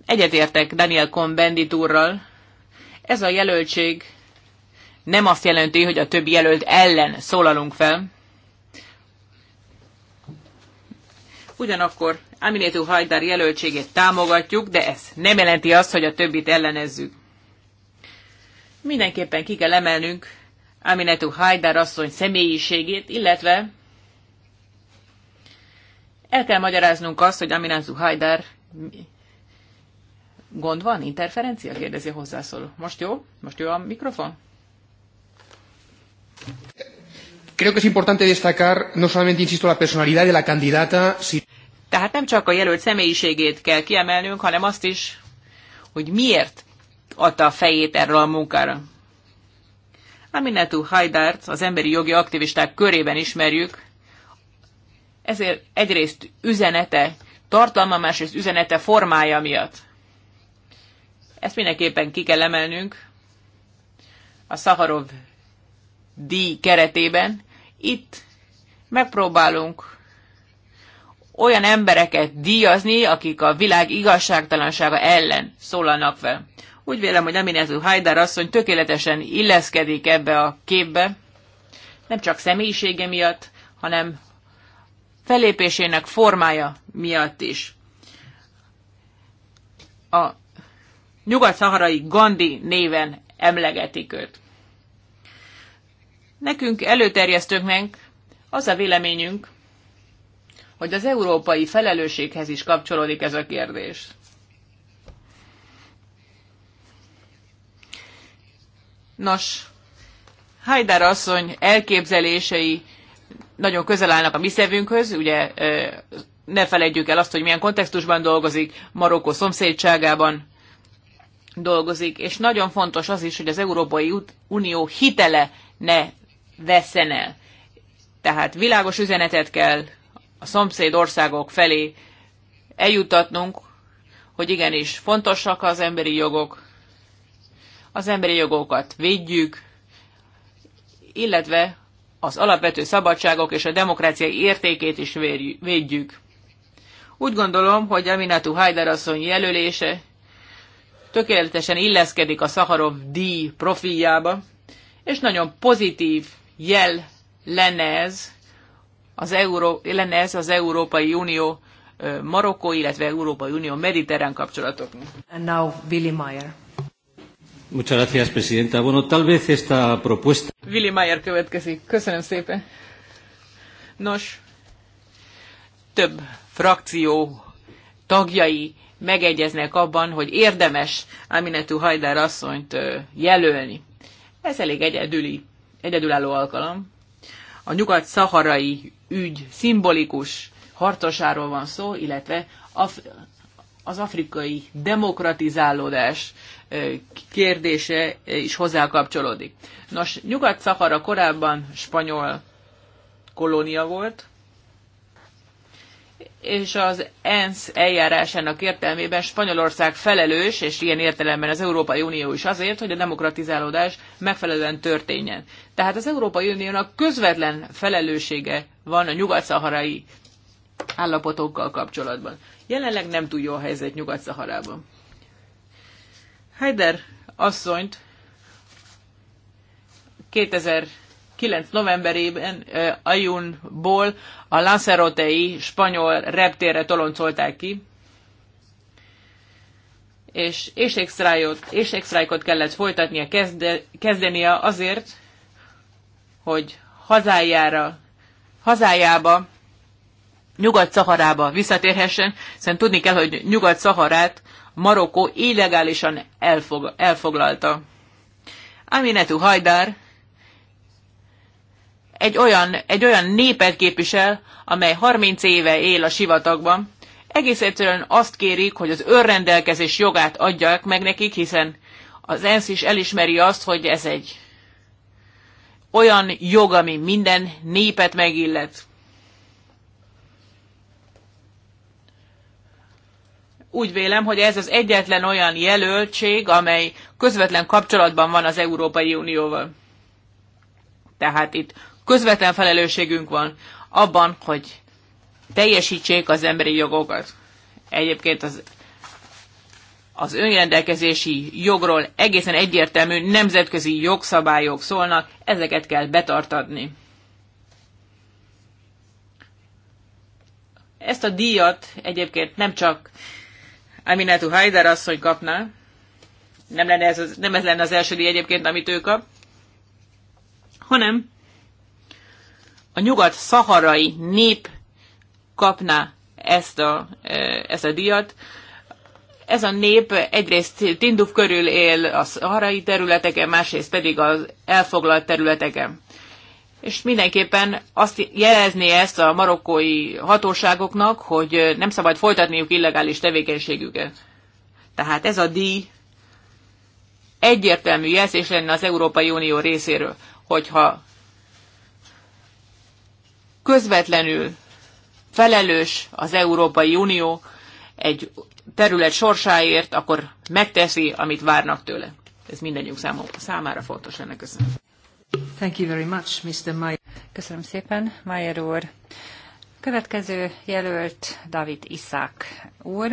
Egyetértek Daniel Cohn-Bendit úrral, ez a jelöltség nem azt jelenti, hogy a többi jelölt ellen szólalunk fel. Ugyanakkor Aminétu Hajdár jelöltségét támogatjuk, de ez nem jelenti azt, hogy a többit ellenezzük. Mindenképpen ki kell emelnünk Aminetu Hajdár asszony személyiségét, illetve el kell magyaráznunk azt, hogy Aminetu Hajdár Gond van? Interferencia? kérdezi a hozzászóló. Most jó? Most jó a mikrofon? Creo que es importante destacar no solamente, insisto, la personalidad de la candidata, si... Tehát nem csak a jelölt személyiségét kell kiemelnünk, hanem azt is, hogy miért adta a fejét erről a munkára. Aminatú Hajdárt az emberi jogi aktivisták körében ismerjük, ezért egyrészt üzenete, tartalma, másrészt üzenete formája miatt. Ezt mindenképpen ki kell emelnünk a Szaharov díj keretében. Itt megpróbálunk olyan embereket díjazni, akik a világ igazságtalansága ellen szólalnak fel. Úgy vélem, hogy Aminezu Hajdár asszony tökéletesen illeszkedik ebbe a képbe, nem csak személyisége miatt, hanem felépésének formája miatt is. A nyugat-szaharai Gandhi néven emlegetik őt. Nekünk meg az a véleményünk, hogy az európai felelősséghez is kapcsolódik ez a kérdés. Nos, Hajdár asszony elképzelései nagyon közel állnak a mi szívünkhöz, ugye ne felejtjük el azt, hogy milyen kontextusban dolgozik, Marokkó szomszédságában dolgozik, és nagyon fontos az is, hogy az Európai Unió hitele ne veszen el. Tehát világos üzenetet kell a szomszéd országok felé eljutatnunk, hogy igenis fontosak az emberi jogok, az emberi jogokat védjük, illetve az alapvető szabadságok és a demokrácia értékét is védjük. Úgy gondolom, hogy Aminatu Hajdar asszony jelölése tökéletesen illeszkedik a Szaharov díj profiljába, és nagyon pozitív jel lenne ez az, Euró, lenne ez az Európai Unió Marokkó, illetve Európai Unió mediterrán kapcsolatoknak. And now Billy Meyer. Muchas gracias, presidenta. Bueno, tal vez esta propuesta... Willy Mayer következik. Köszönöm szépen. Nos, több frakció tagjai megegyeznek abban, hogy érdemes Aminetú Hajdár asszonyt jelölni. Ez elég egyedüli, egyedülálló alkalom. A nyugat-szaharai ügy szimbolikus harcosáról van szó, illetve Af- az afrikai demokratizálódás kérdése is hozzá kapcsolódik. Nos, Nyugat-Szahara korábban spanyol kolónia volt, és az ENSZ eljárásának értelmében Spanyolország felelős, és ilyen értelemben az Európai Unió is azért, hogy a demokratizálódás megfelelően történjen. Tehát az Európai Uniónak közvetlen felelőssége van a nyugat-szaharai állapotokkal kapcsolatban. Jelenleg nem túl jó a helyzet Nyugat-Szaharában. Heider asszonyt 2000 9 novemberében eh, Ajunból a Lanzarotei spanyol reptérre toloncolták ki, és éjségsztrájkot kellett folytatnia, kezde, kezdenie azért, hogy hazájára, hazájába, Nyugat-Szaharába visszatérhessen, hiszen tudni kell, hogy Nyugat-Szaharát Marokkó illegálisan elfog, elfoglalta. Aminetu Hajdár egy olyan, egy olyan népet képvisel, amely 30 éve él a sivatagban. Egész egyszerűen azt kérik, hogy az önrendelkezés jogát adják meg nekik, hiszen az ENSZ is elismeri azt, hogy ez egy olyan jog, ami minden népet megillet. Úgy vélem, hogy ez az egyetlen olyan jelöltség, amely közvetlen kapcsolatban van az Európai Unióval. Tehát itt közvetlen felelősségünk van abban, hogy teljesítsék az emberi jogokat. Egyébként az, az önrendelkezési jogról egészen egyértelmű nemzetközi jogszabályok szólnak, ezeket kell betartatni. Ezt a díjat egyébként nem csak Aminatu Haider asszony kapná, nem, lenne ez az, nem ez lenne az első díj egyébként, amit ő kap, hanem a nyugat-szaharai nép kapná ezt a, e, ezt a díjat. Ez a nép egyrészt Tinduf körül él a szaharai területeken, másrészt pedig az elfoglalt területeken. És mindenképpen azt jelezni ezt a marokkói hatóságoknak, hogy nem szabad folytatniuk illegális tevékenységüket. Tehát ez a díj egyértelmű jelzés lenne az Európai Unió részéről, hogyha közvetlenül felelős az Európai Unió egy terület sorsáért, akkor megteszi, amit várnak tőle. Ez mindenjük számára fontos lenne. Köszönöm. Thank you very much, Mr. Mayer. Köszönöm szépen, Mayer úr. Következő jelölt David Iszák úr,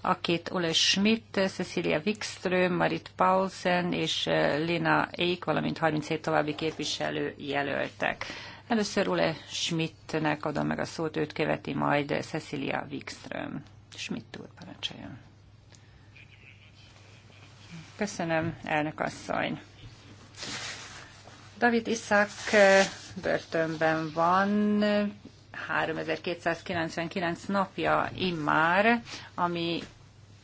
akit Ole Schmidt, Cecilia Wikström, Marit Paulsen és eh, Lena Eik, valamint 37 további képviselő jelöltek. Először Ule Schmidtnek adom meg a szót, őt követi majd Cecilia Wikström. Schmidt úr, parancsoljon. Köszönöm, elnök asszony. David Iszak eh, börtönben van, 3299 napja immár, ami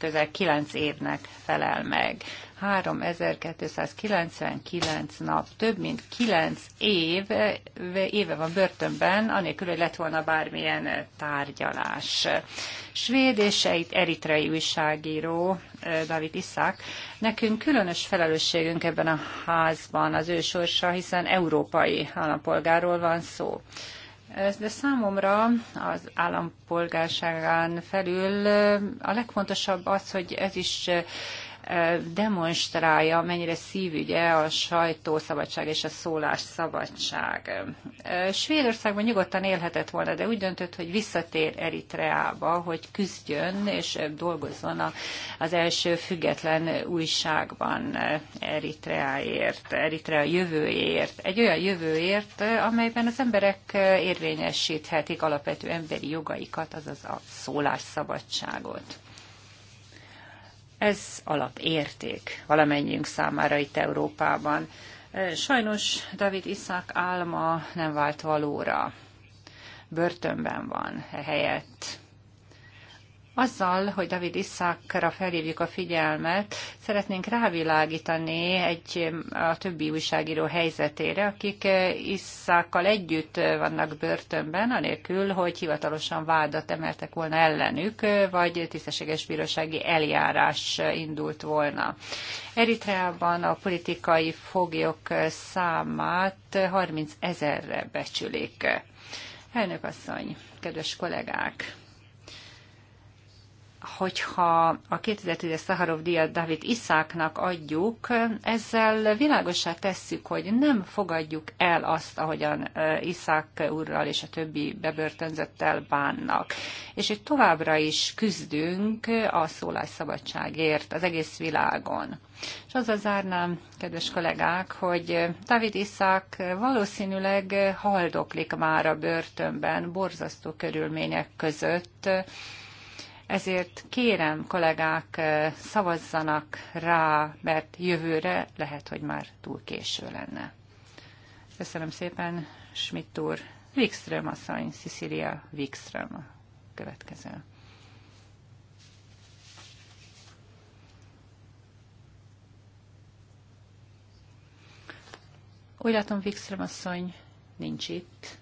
közel 9 évnek felel meg. 3299 nap, több mint 9 év, éve van börtönben, anélkül, hogy lett volna bármilyen tárgyalás. Svéd és egy eritrei újságíró, David Iszák, nekünk különös felelősségünk ebben a házban az ő sorsa, hiszen európai állampolgárról van szó. De számomra az állampolgárságán felül a legfontosabb az, hogy ez is demonstrálja, mennyire szívügye a sajtószabadság és a szólásszabadság. Svédországban nyugodtan élhetett volna, de úgy döntött, hogy visszatér Eritreába, hogy küzdjön és dolgozzon az első független újságban Eritreáért, Eritrea jövőért. Egy olyan jövőért, amelyben az emberek érvényesíthetik alapvető emberi jogaikat, azaz a szólásszabadságot. Ez alapérték valamennyiünk számára itt Európában. Sajnos David Iszák álma nem vált valóra. Börtönben van helyett. Azzal, hogy David Iszakra felhívjuk a figyelmet, szeretnénk rávilágítani egy a többi újságíró helyzetére, akik eh, Iszakkal együtt eh, vannak börtönben, anélkül, hogy hivatalosan vádat emeltek volna ellenük, eh, vagy tisztességes bírósági eljárás indult volna. Eritreában a politikai foglyok számát 30 ezerre becsülik. Elnök asszony, kedves kollégák! hogyha a 2010-es Szaharov díjat David Iszáknak adjuk, ezzel világosá tesszük, hogy nem fogadjuk el azt, ahogyan Iszák úrral és a többi bebörtönzettel bánnak. És itt továbbra is küzdünk a szólásszabadságért az egész világon. És azzal zárnám, kedves kollégák, hogy David Iszák valószínűleg haldoklik már a börtönben, borzasztó körülmények között, ezért kérem kollégák, eh, szavazzanak rá, mert jövőre lehet, hogy már túl késő lenne. Köszönöm szépen, Schmidt úr. Wikström asszony, Cecilia Wikström következő. Úgy látom, Wikström asszony nincs itt.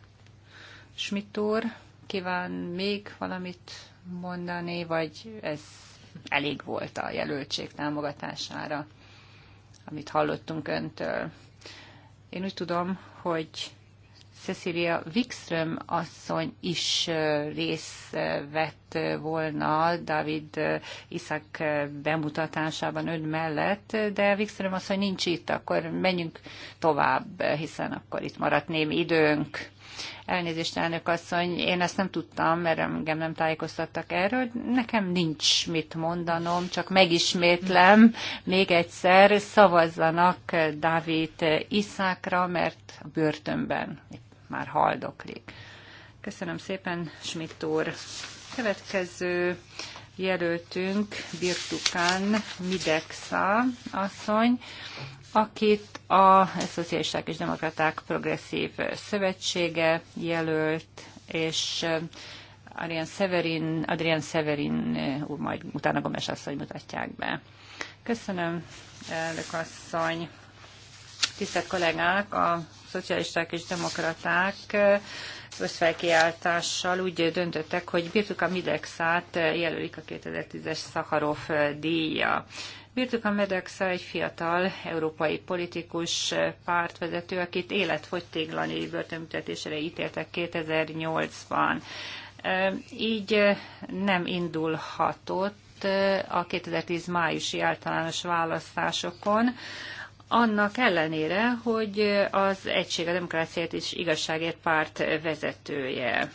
Schmidt úr, kíván még valamit mondani, vagy ez elég volt a jelöltség támogatására, amit hallottunk öntől. Én úgy tudom, hogy Cecilia Wikström asszony is részt vett volna David Iszak bemutatásában ön mellett, de Wikström asszony nincs itt, akkor menjünk tovább, hiszen akkor itt maradt némi időnk. Elnézést, elnök asszony, én ezt nem tudtam, mert engem nem tájékoztattak erről. Nekem nincs mit mondanom, csak megismétlem még egyszer, szavazzanak Dávid Iszákra, mert a börtönben már haldoklik. Köszönöm szépen, Schmidt úr. Következő jelöltünk Birtukán Midexa asszony, akit a Szociálisták és Demokraták Progresszív Szövetsége jelölt, és eh, Adrian Severin, Adrian Severin eh, úr majd utána Gomes asszony mutatják be. Köszönöm, elnök asszony. Tisztelt kollégák, a szocialisták és demokraták eh, összfelkiáltással úgy döntöttek, hogy Birtuka Midexát jelölik a 2010-es Szaharov díja. Birtuka Medexa egy fiatal európai politikus pártvezető, akit életfogytéglani börtönbüntetésre ítéltek 2008-ban. Így nem indulhatott a 2010 májusi általános választásokon, annak ellenére, hogy az Egység a Demokráciát és Igazságért párt vezetője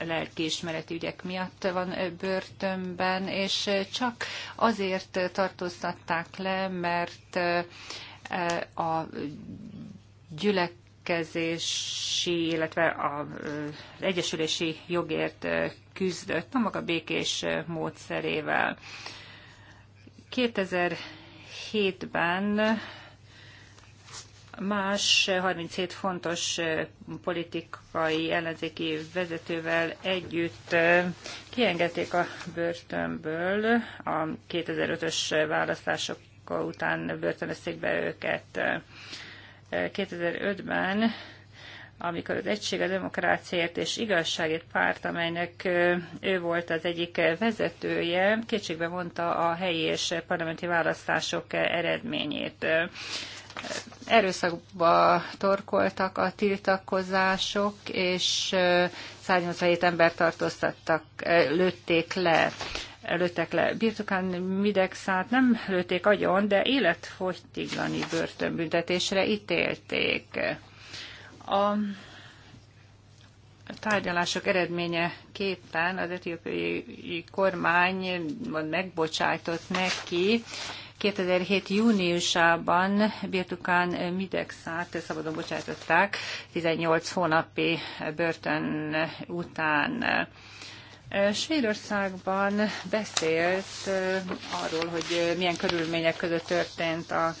lelkiismereti ügyek miatt van börtönben, és csak azért tartóztatták le, mert a gyülek gyülekezési, illetve az egyesülési jogért küzdött, a maga békés módszerével. 2007-ben más 37 fontos politikai ellenzéki vezetővel együtt kiengedték a börtönből a 2005-ös választások után börtönözték be őket. 2005-ben amikor az Egység a Demokráciáért és Igazságért párt, amelynek ő volt az egyik vezetője, kétségbe vonta a helyi és parlamenti választások eredményét erőszakba torkoltak a tiltakozások, és 187 ember tartóztattak, lőtték le lőttek le. Birtokán Midexát nem lőtték agyon, de életfogytiglani börtönbüntetésre ítélték. A tárgyalások eredménye képpen az etiópiai kormány megbocsájtott neki 2007. júniusában Birtukán Midexát szabadon bocsátották 18 hónapi börtön után. Svédországban beszélt arról, hogy milyen körülmények között történt a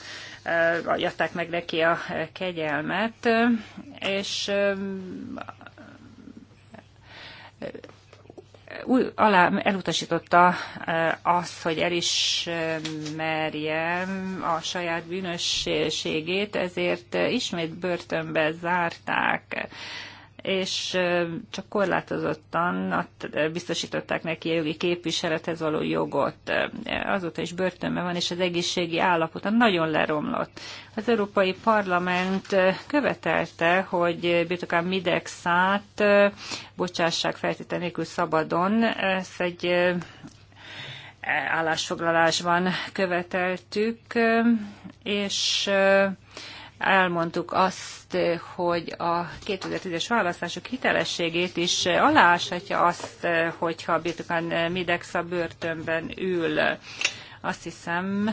adták meg neki a kegyelmet, és alá elutasította eh, azt, hogy elismerjem a saját bűnösségét, ezért ismét börtönbe zárták és csak korlátozottan biztosították neki a jogi képviselethez való jogot. Azóta is börtönben van, és az egészségi állapota nagyon leromlott. Az Európai Parlament követelte, hogy birtokán Midexát bocsássák feltétel nélkül szabadon. Ezt egy állásfoglalásban követeltük, és elmondtuk azt, hogy a 2010-es választások hitelességét is aláshatja azt, hogyha Birtokan Midexa börtönben ül. Azt hiszem,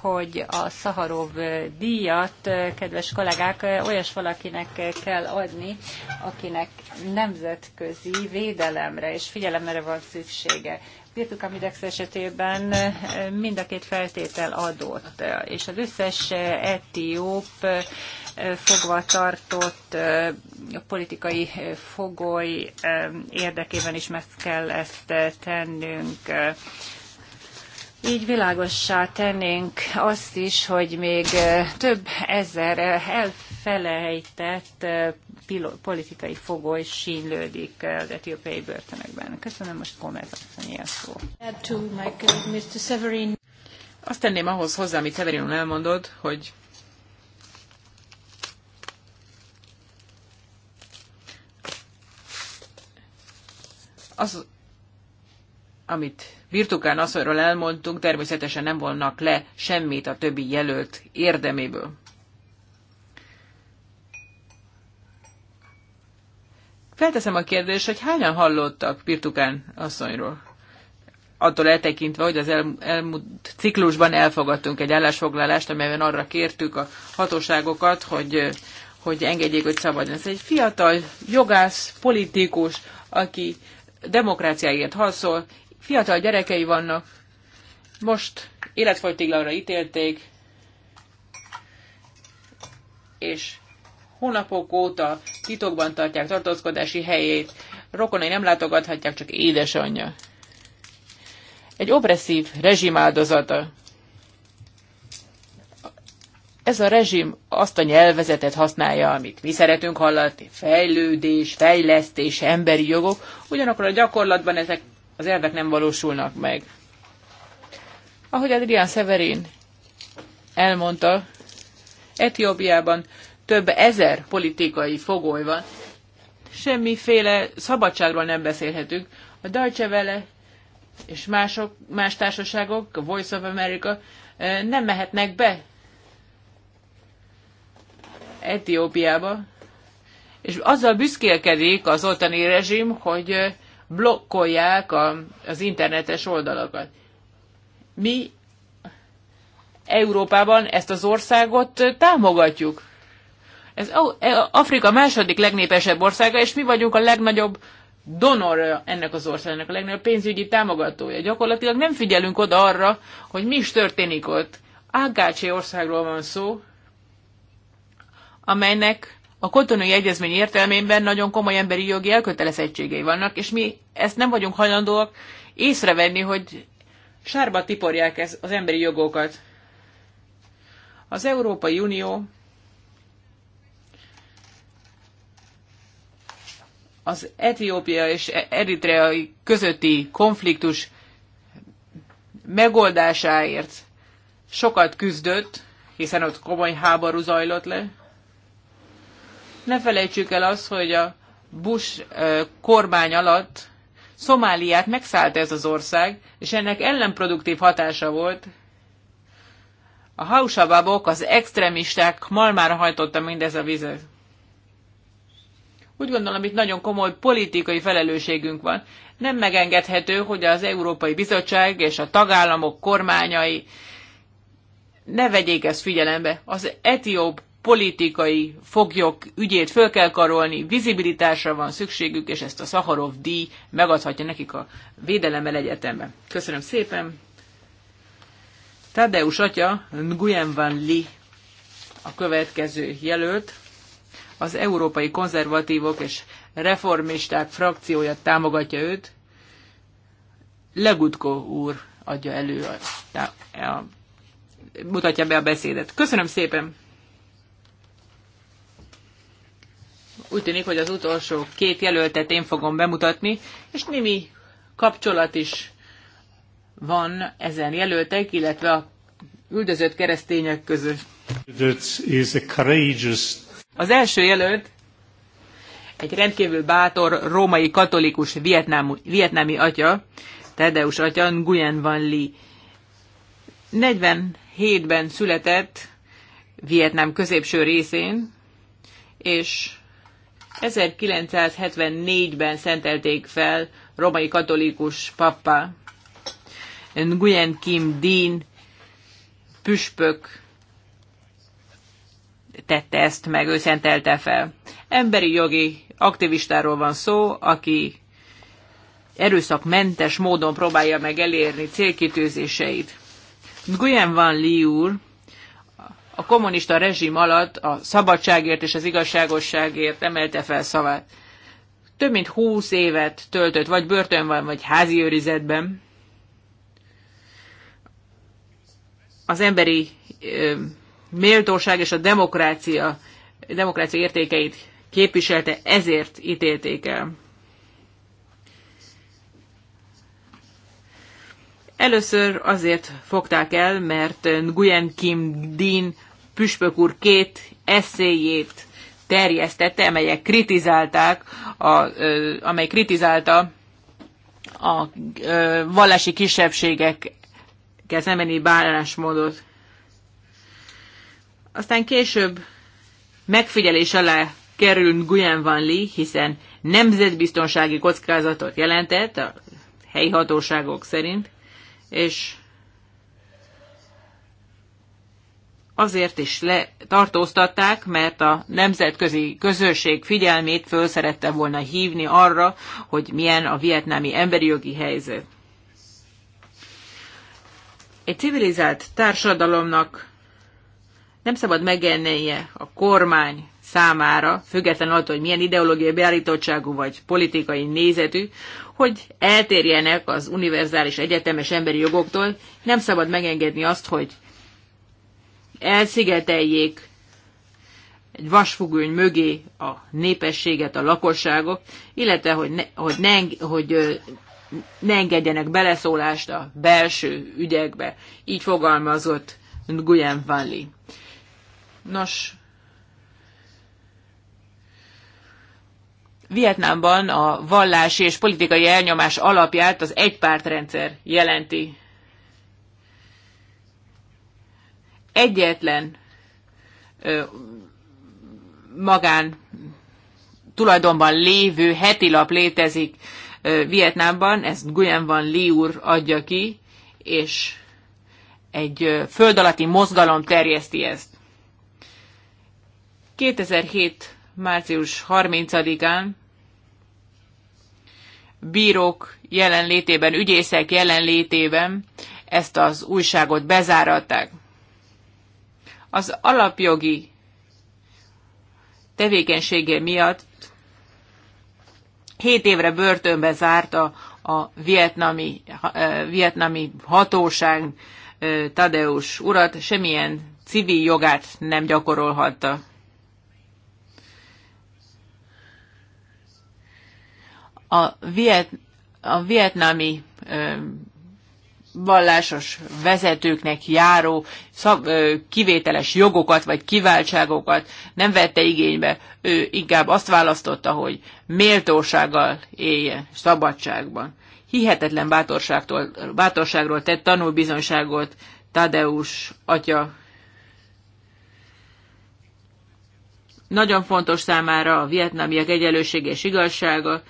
hogy a Szaharov díjat, kedves kollégák, olyas valakinek kell adni, akinek nemzetközi védelemre és figyelemre van szüksége. Birtokamideks esetében eh, mind a két feltétel adott, eh, és az összes eh, etióp fogvatartott politikai fogoly érdekében is meg kell ezt tennünk. Így világossá tennénk azt is, hogy még több ezer elf felejtett politikai fogoly sínlődik az etiópiai börtönökben. Köszönöm, most kommentálni a szó. Azt tenném ahhoz hozzá, amit Severin elmondod, hogy az, amit Birtukán asszonyról elmondtunk, természetesen nem volnak le semmit a többi jelölt érdeméből. Felteszem a kérdést, hogy hányan hallottak Pirtukán asszonyról? Attól eltekintve, hogy az el, elmúlt ciklusban elfogadtunk egy állásfoglalást, amelyben arra kértük a hatóságokat, hogy, hogy engedjék, hogy szabadjon. Ez egy fiatal jogász, politikus, aki demokráciáért haszol. fiatal gyerekei vannak, most életfogytiglanra ítélték, és hónapok óta titokban tartják tartózkodási helyét, rokonai nem látogathatják, csak édesanyja. Egy opresszív rezsim áldozata. Ez a rezsim azt a nyelvezetet használja, amit mi szeretünk hallani, fejlődés, fejlesztés, emberi jogok, ugyanakkor a gyakorlatban ezek az elvek nem valósulnak meg. Ahogy Adrián Severin elmondta, Etiópiában több ezer politikai fogoly van. Semmiféle szabadságról nem beszélhetünk. A Deutsche Welle és mások, más társaságok, a Voice of America eh, nem mehetnek be Etiópiába, és azzal büszkélkedik az ottani rezsim, hogy eh, blokkolják a, az internetes oldalakat. Mi Európában ezt az országot támogatjuk. Ez e- Afrika második legnépesebb országa, és mi vagyunk a legnagyobb donor ennek az országnak, a legnagyobb pénzügyi támogatója. Gyakorlatilag nem figyelünk oda arra, hogy mi is történik ott. Ágácsi országról van szó, amelynek a kotonai egyezmény értelmében nagyon komoly emberi jogi elkötelezettségei vannak, és mi ezt nem vagyunk hajlandóak észrevenni, hogy sárba tiporják ez, az emberi jogokat. Az Európai Unió az Etiópia és e- Eritreai közötti konfliktus megoldásáért sokat küzdött, hiszen ott komoly háború zajlott le. Ne felejtsük el azt, hogy a Bush kormány alatt Szomáliát megszállta ez az ország, és ennek ellenproduktív hatása volt. A hausababok, az extremisták malmára hajtotta mindez a vizet. Úgy gondolom, itt nagyon komoly politikai felelősségünk van. Nem megengedhető, hogy az Európai Bizottság és a tagállamok kormányai ne vegyék ezt figyelembe. Az etióp politikai foglyok ügyét föl kell karolni, vizibilitásra van szükségük, és ezt a Szaharov díj megadhatja nekik a védelemmel egyetemben. Köszönöm szépen! Tadeusz atya Nguyen Van Li a következő jelölt az Európai Konzervatívok és Reformisták frakciója támogatja őt. Legutko úr adja elő, a, a, a, mutatja be a beszédet. Köszönöm szépen! Úgy tűnik, hogy az utolsó két jelöltet én fogom bemutatni, és némi kapcsolat is van ezen jelöltek, illetve a üldözött keresztények között. is a courageous az első jelölt egy rendkívül bátor római katolikus vietnám, vietnámi atya, Tedeus atya Nguyen Van Li. 47-ben született Vietnám középső részén, és 1974-ben szentelték fel romai katolikus pappa Nguyen Kim Din püspök tette ezt meg, ő szentelte fel. Emberi jogi aktivistáról van szó, aki erőszakmentes módon próbálja meg elérni célkitűzéseit. Nguyen Van Li úr a kommunista rezsim alatt a szabadságért és az igazságosságért emelte fel szavát. Több mint húsz évet töltött, vagy börtönben, vagy házi őrizetben. Az emberi méltóság és a demokrácia, demokrácia értékeit képviselte, ezért ítélték el. Először azért fogták el, mert Nguyen Kim Din püspök úr két eszéjét terjesztette, amelyek kritizálták, a, ö, amely kritizálta a ö, vallási kisebbségek szembeni bánásmódot. Aztán később megfigyelés alá került Guyen Van Lee, hiszen nemzetbiztonsági kockázatot jelentett a helyi hatóságok szerint, és azért is letartóztatták, mert a nemzetközi közösség figyelmét föl szerette volna hívni arra, hogy milyen a vietnámi emberi jogi helyzet. Egy civilizált társadalomnak nem szabad megennie a kormány számára, független attól, hogy milyen ideológiai beállítottságú vagy politikai nézetű, hogy eltérjenek az univerzális egyetemes emberi jogoktól. Nem szabad megengedni azt, hogy elszigeteljék egy vasfugőny mögé a népességet, a lakosságok, illetve hogy ne, hogy ne, hogy ne engedjenek beleszólást a belső ügyekbe. Így fogalmazott Nguyen Van Lee. Nos, Vietnámban a vallási és politikai elnyomás alapját az egypártrendszer jelenti. Egyetlen ö, magán tulajdonban lévő hetilap létezik ö, Vietnámban, ezt Nguyen Van Li úr adja ki, és egy ö, föld alatti mozgalom terjeszti ezt. 2007. március 30-án bírók jelenlétében, ügyészek jelenlétében ezt az újságot bezáratták. Az alapjogi tevékenysége miatt 7 évre börtönbe zárta a vietnami, eh, vietnami hatóság eh, Tadeus urat, semmilyen civil jogát nem gyakorolhatta. A, viet, a vietnami ö, vallásos vezetőknek járó szab, ö, kivételes jogokat vagy kiváltságokat nem vette igénybe. Ő inkább azt választotta, hogy méltósággal éljen, szabadságban. Hihetetlen bátorságtól, bátorságról tett tanulbizonyságot Tadeus atya Nagyon fontos számára a vietnamiak egyenlőség és igazsága,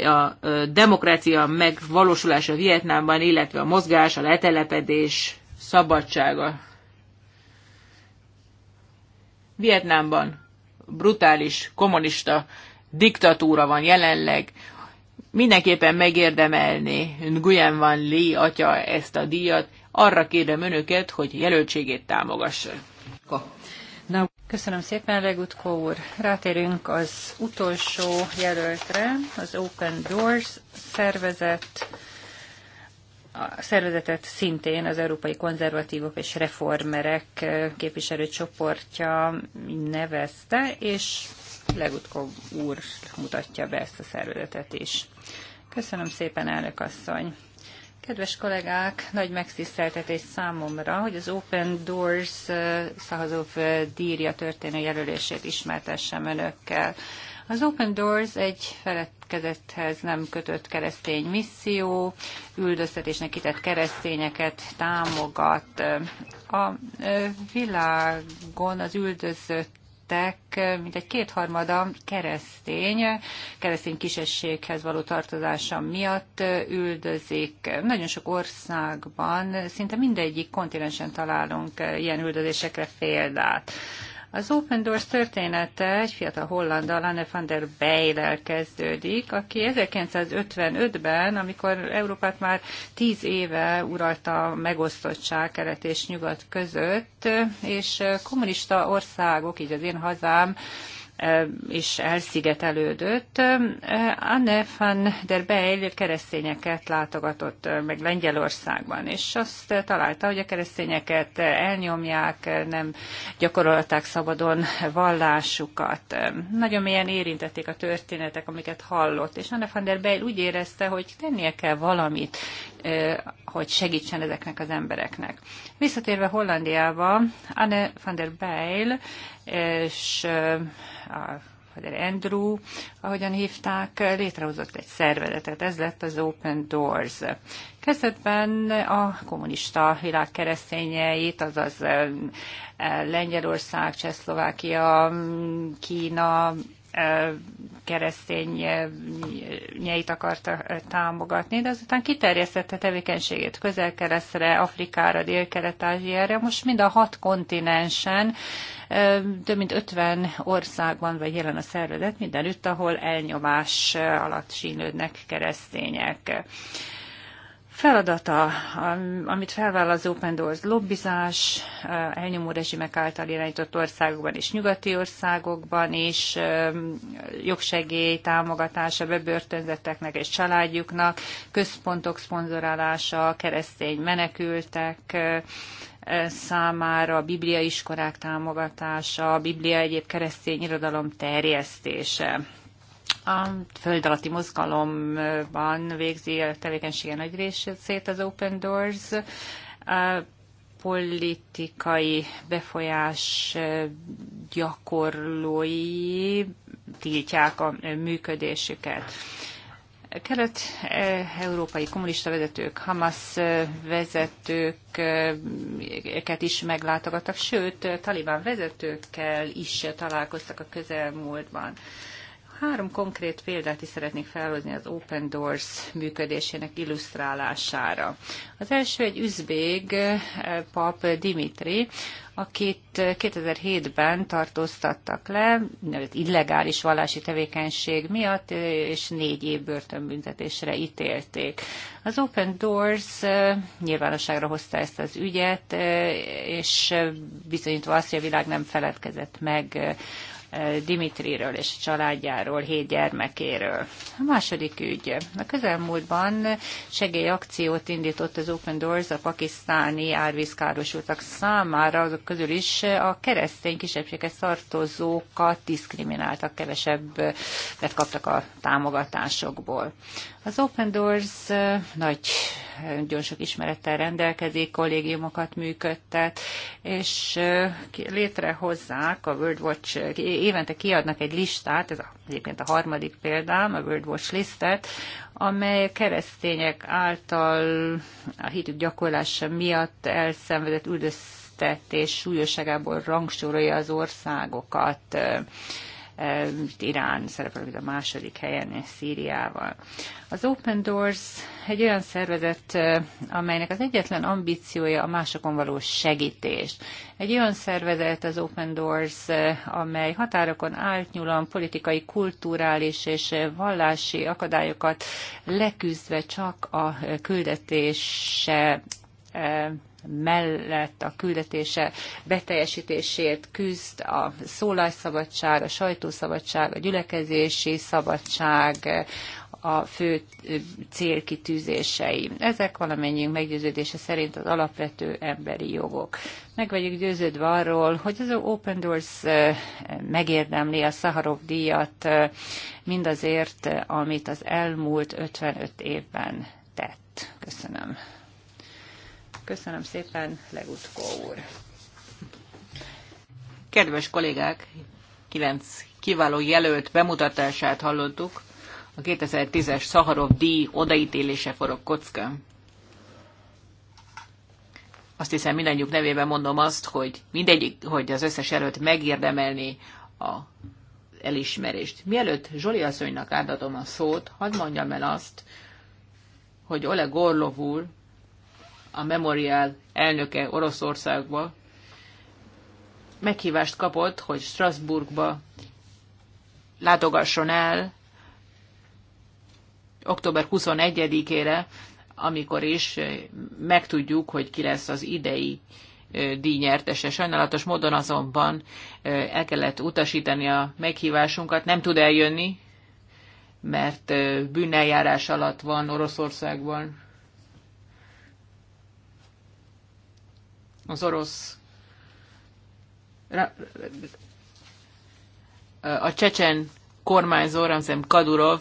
a demokrácia megvalósulása Vietnámban, illetve a mozgás, a letelepedés szabadsága. Vietnámban brutális kommunista diktatúra van jelenleg. Mindenképpen megérdemelni Nguyen Van Lee atya ezt a díjat. Arra kérem önöket, hogy jelöltségét támogassák. Now... Köszönöm szépen, Legutko úr. Rátérünk az utolsó jelöltre, az Open Doors szervezet, a szervezetet szintén az Európai Konzervatívok és Reformerek képviselőcsoportja nevezte, és Legutko úr mutatja be ezt a szervezetet is. Köszönöm szépen, elnök asszony! Kedves kollégák, nagy megtiszteltetés számomra, hogy az Open Doors Szahazov Díria történő jelölését ismertessem önökkel. Az Open Doors egy feledkezethez nem kötött keresztény misszió, üldöztetésnek kitett keresztényeket támogat. A világon az üldözött érintettek, mint egy kétharmada keresztény, keresztény kisességhez való tartozása miatt üldözik. Nagyon sok országban, szinte mindegyik kontinensen találunk ilyen üldözésekre példát. Az Open Doors története egy fiatal holland Anne van der Beylel kezdődik, aki 1955-ben, amikor Európát már tíz éve uralta a megosztottság kelet és nyugat között, és kommunista országok, így az én hazám, is elszigetelődött. Anne van der Beil keresztényeket látogatott meg Lengyelországban, és azt találta, hogy a keresztényeket elnyomják, nem gyakorolták szabadon vallásukat. Nagyon mélyen érintették a történetek, amiket hallott, és Anne van der Beil úgy érezte, hogy tennie kell valamit, hogy segítsen ezeknek az embereknek. Visszatérve Hollandiába, Anne van der Beil és a Father Andrew, ahogyan hívták, létrehozott egy szervezetet. Ez lett az Open Doors. Kezdetben a kommunista világ keresztényeit, azaz Lengyelország, Csehszlovákia, Kína, keresztényeit akarta támogatni, de azután kiterjesztette tevékenységét közel-keresztre, Afrikára, Dél-Kelet-Ázsiára, most mind a hat kontinensen, több mint 50 országban vagy jelen a szervezet, mindenütt, ahol elnyomás alatt sínődnek keresztények feladata, amit felvállal az Open Doors lobbizás, elnyomó rezsimek által irányított országokban és nyugati országokban és jogsegély támogatása bebörtönzetteknek és családjuknak, központok szponzorálása, keresztény menekültek, számára, iskolák támogatása, a biblia egyéb keresztény irodalom terjesztése a föld alatti mozgalomban végzi a tevékenysége nagy részét az Open Doors. A politikai befolyás gyakorlói tiltják a működésüket. Kelet-európai e, kommunista vezetők, Hamas e, vezetőket is meglátogattak, sőt, e, talibán vezetőkkel is találkoztak a közelmúltban. Három konkrét példát is szeretnék felhozni az Open Doors működésének illusztrálására. Az első egy üzbég eh, pap Dimitri, akit 2007-ben eh, tartóztattak le, illegális vallási tevékenység miatt, eh, és négy év börtönbüntetésre ítélték. Az Open Doors nyilvánosságra hozta ezt az ügyet, és bizonyítva azt, hogy a világ nem feledkezett meg Dimitriről és a családjáról, hét gyermekéről. A második ügy. A közelmúltban segélyakciót indított az Open Doors a pakisztáni árvízkárosultak számára, azok közül is a keresztény kisebbséghez tartozókat diszkrimináltak, kevesebbet kaptak a támogatásokból. Az Open Doors nagy, nagyon sok ismerettel rendelkezik, kollégiumokat működtet, és létrehozzák a World Watch, évente kiadnak egy listát, ez a, egyébként a harmadik példám, a World Watch listet, amely keresztények által a hitük gyakorlása miatt elszenvedett üldöztetés súlyoságából rangsorolja az országokat itt Irán szerepel a második helyen, és Szíriával. Az Open Doors egy olyan szervezet, amelynek az egyetlen ambíciója a másokon való segítés. Egy olyan szervezet az Open Doors, amely határokon átnyúlóan politikai, kulturális és vallási akadályokat leküzdve csak a küldetése mellett, a küldetése beteljesítését küzd a szólásszabadság, a sajtószabadság, a gyülekezési szabadság, a fő célkitűzései. Ezek valamennyiünk meggyőződése szerint az alapvető emberi jogok. Meg vagyok győződve arról, hogy az Open Doors megérdemli a Szaharov díjat mindazért, amit az elmúlt 55 évben tett. Köszönöm. Köszönöm szépen, Legutko úr. Kedves kollégák, kilenc kiváló jelölt bemutatását hallottuk. A 2010-es Szaharov díj odaítélése forog kocka. Azt hiszem mindannyiuk nevében mondom azt, hogy mindegyik, hogy az összes előtt megérdemelni a elismerést. Mielőtt Zsoli asszonynak átadom a szót, hadd mondjam el azt, hogy Oleg Orlov úr a Memorial elnöke Oroszországba, meghívást kapott, hogy Strasbourgba látogasson el október 21-ére, amikor is megtudjuk, hogy ki lesz az idei díjnyertese. Sajnálatos módon azonban el kellett utasítani a meghívásunkat, nem tud eljönni, mert bűneljárás alatt van Oroszországban. az orosz a csecsen kormányzó Ramzem Kadurov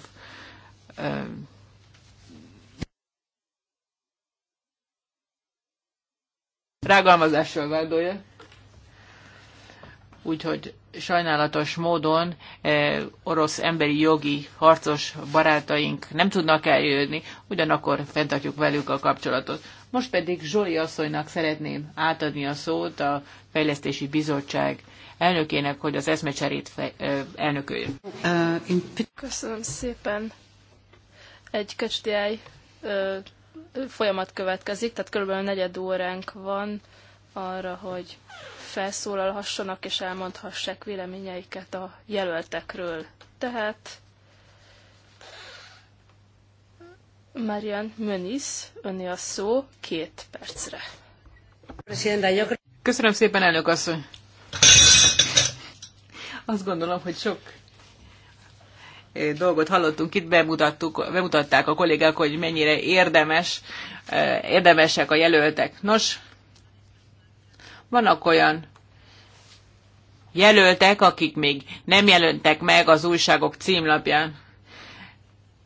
rágalmazással vádolja. Úgyhogy sajnálatos módon e, orosz emberi jogi harcos barátaink nem tudnak eljönni, ugyanakkor fenntartjuk velük a kapcsolatot. Most pedig Zsoli asszonynak szeretném átadni a szót a Fejlesztési Bizottság elnökének, hogy az eszmecserét fej, e, elnökölje. Köszönöm szépen. Egy köcsdiáj folyamat következik, tehát körülbelül negyed óránk van arra, hogy felszólalhassanak és elmondhassák véleményeiket a jelöltekről. Tehát Marian Möniz, önni a szó két percre. Köszönöm szépen, elnök asszony! Azt gondolom, hogy sok eh, dolgot hallottunk itt, bemutattuk, bemutatták a kollégák, hogy mennyire érdemes, eh, érdemesek a jelöltek. Nos, vannak olyan jelöltek, akik még nem jelöntek meg az újságok címlapján.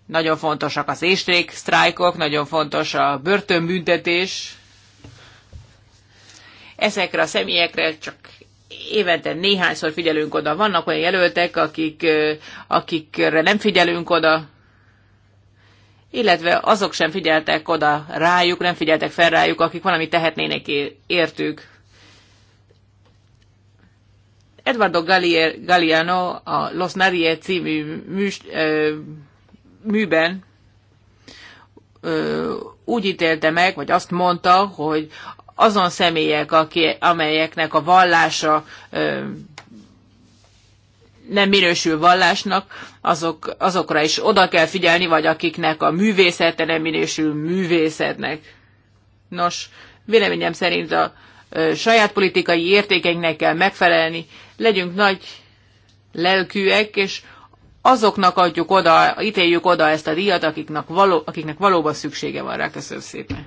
Nagyon fontosak az éstrék, sztrájkok, nagyon fontos a börtönbüntetés. Ezekre a személyekre csak évente néhányszor figyelünk oda. Vannak olyan jelöltek, akik, akikre nem figyelünk oda, illetve azok sem figyeltek oda rájuk, nem figyeltek fel rájuk, akik valami tehetnének értük. Eduardo Galliano a Los Narie című műs, ö, műben ö, úgy ítélte meg, vagy azt mondta, hogy azon személyek, aki, amelyeknek a vallása ö, nem minősül vallásnak, azok, azokra is oda kell figyelni, vagy akiknek a művészete nem minősül művészetnek. Nos, véleményem szerint a saját politikai értékeinknek kell megfelelni, legyünk nagy lelkűek, és azoknak adjuk oda, ítéljük oda ezt a díjat, akiknek, való, akiknek valóban szüksége van rá. Köszönöm szépen.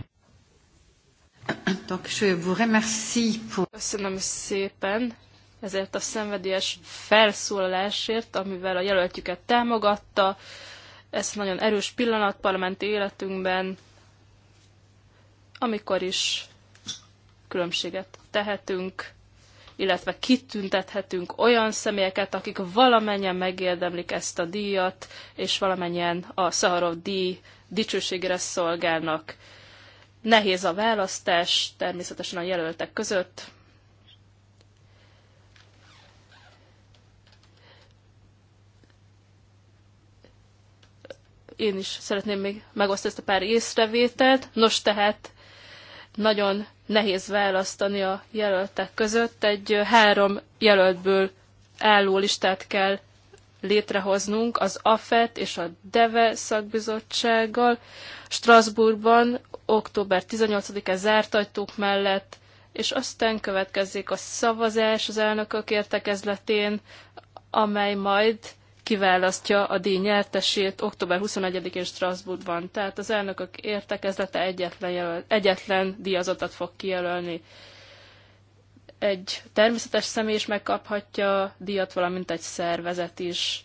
Köszönöm szépen ezért a szenvedélyes felszólalásért, amivel a jelöltjüket támogatta. Ez nagyon erős pillanat parlamenti életünkben, amikor is különbséget tehetünk, illetve kitüntethetünk olyan személyeket, akik valamennyien megérdemlik ezt a díjat, és valamennyien a Szaharov díj dicsőségére szolgálnak. Nehéz a választás, természetesen a jelöltek között. Én is szeretném még megosztani ezt a pár észrevételt. Nos, tehát nagyon nehéz választani a jelöltek között. Egy három jelöltből álló listát kell létrehoznunk az AFET és a DEVE szakbizottsággal. Strasbourgban október 18 án zárt ajtók mellett, és aztán következzék a szavazás az elnökök értekezletén, amely majd kiválasztja a díj nyertesét október 21-én Strasbourgban. Tehát az elnökök értekezlete egyetlen, jelöl, egyetlen díjazatot fog kijelölni. Egy természetes személy is megkaphatja díjat, valamint egy szervezet is,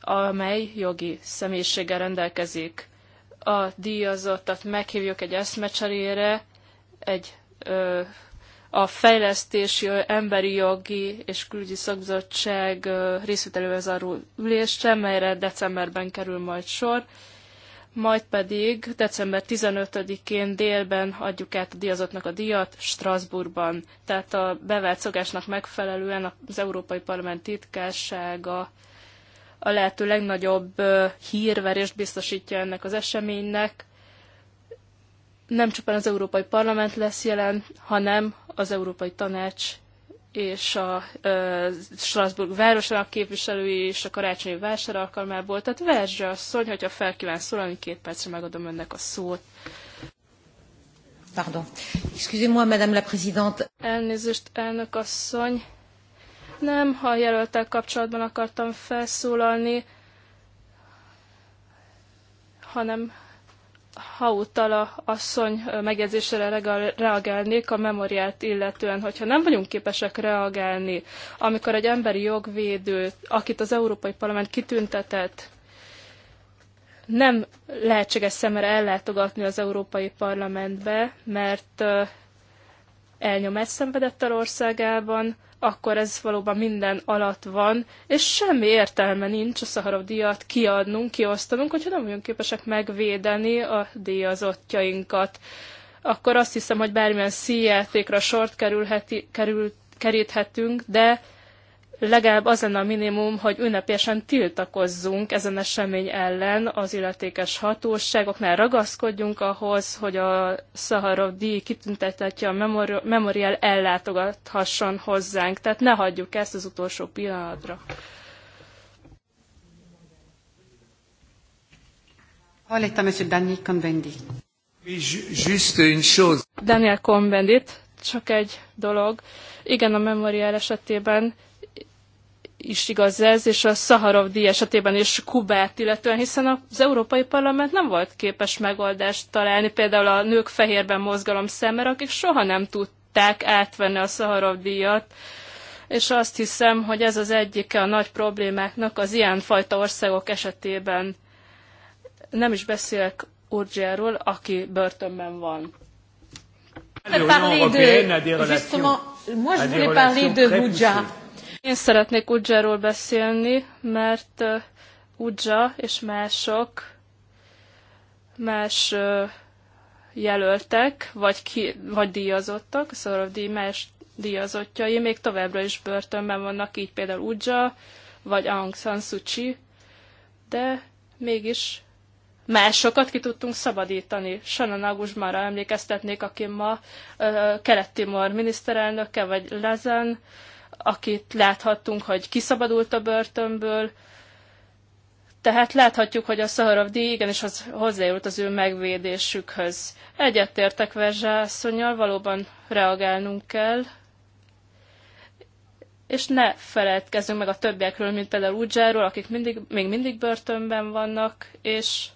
amely jogi személyiséggel rendelkezik. A díjazottat meghívjuk egy eszmecserére, egy ö, a fejlesztési, emberi jogi és külügyi szakbizottság részvételével záró ülésre, melyre decemberben kerül majd sor. Majd pedig december 15-én délben adjuk át a díjazatnak a díjat Strasbourgban. Tehát a bevált szokásnak megfelelően az Európai Parlament titkársága a lehető legnagyobb hírverést biztosítja ennek az eseménynek, nem csupán az Európai Parlament lesz jelen, hanem az Európai Tanács és a Strasbourg városának képviselői és a karácsonyi vásár alkalmából. Tehát Verzsa asszony, hogyha fel kíván szólalni, két percre megadom önnek a szót. Pardon. Excusez-moi, Madame la Présidente. Elnézést, elnök asszony. Nem, ha a jelöltel kapcsolatban akartam felszólalni, hanem Hautala asszony megjegyzésére reagálnék a memoriát illetően, hogyha nem vagyunk képesek reagálni, amikor egy emberi jogvédő, akit az Európai Parlament kitüntetett, nem lehetséges szemre ellátogatni az Európai Parlamentbe, mert elnyomás szenvedett el országában, akkor ez valóban minden alatt van, és semmi értelme nincs a Szaharov díjat kiadnunk, kiosztanunk, hogyha nem vagyunk képesek megvédeni a díjazottjainkat. Akkor azt hiszem, hogy bármilyen színjátékra sort kerülheti, kerül, keríthetünk, de legalább az lenne a minimum, hogy ünnepélyesen tiltakozzunk ezen esemény ellen az illetékes hatóságoknál, ragaszkodjunk ahhoz, hogy a Szaharov díj kitüntetletje a memoriál ellátogathasson hozzánk. Tehát ne hagyjuk ezt az utolsó pillanatra. Hallottam, Daniel Convendit. Juste Daniel Convendit, csak egy dolog. Igen, a memoriál esetében is igaz ez, és a Szaharov díj esetében is Kubát illetően, hiszen az Európai Parlament nem volt képes megoldást találni, például a nők fehérben mozgalom szemmel, akik soha nem tudták átvenni a Szaharov díjat, és azt hiszem, hogy ez az egyike a nagy problémáknak az ilyenfajta országok esetében. Nem is beszélek Urgyáról, aki börtönben van. Justement, moi je voulais parler de Boudja. Én szeretnék Udzsáról beszélni, mert Udzsa és mások, más jelöltek, vagy, ki, vagy díjazottak, a Szorov díj más díjazottjai még továbbra is börtönben vannak, így például Udzsa, vagy Aung San Suu Kyi, de mégis másokat ki tudtunk szabadítani. Sana Agusmanra emlékeztetnék, aki ma uh, kelet-timor miniszterelnöke, vagy Lezen, akit láthattunk, hogy kiszabadult a börtönből. Tehát láthatjuk, hogy a Szaharov díj igenis az hozzájárult az ő megvédésükhöz. Egyetértek Verzsá asszonyjal, valóban reagálnunk kell, és ne feledkezzünk meg a többiekről, mint például Udzsáról, akik mindig, még mindig börtönben vannak, és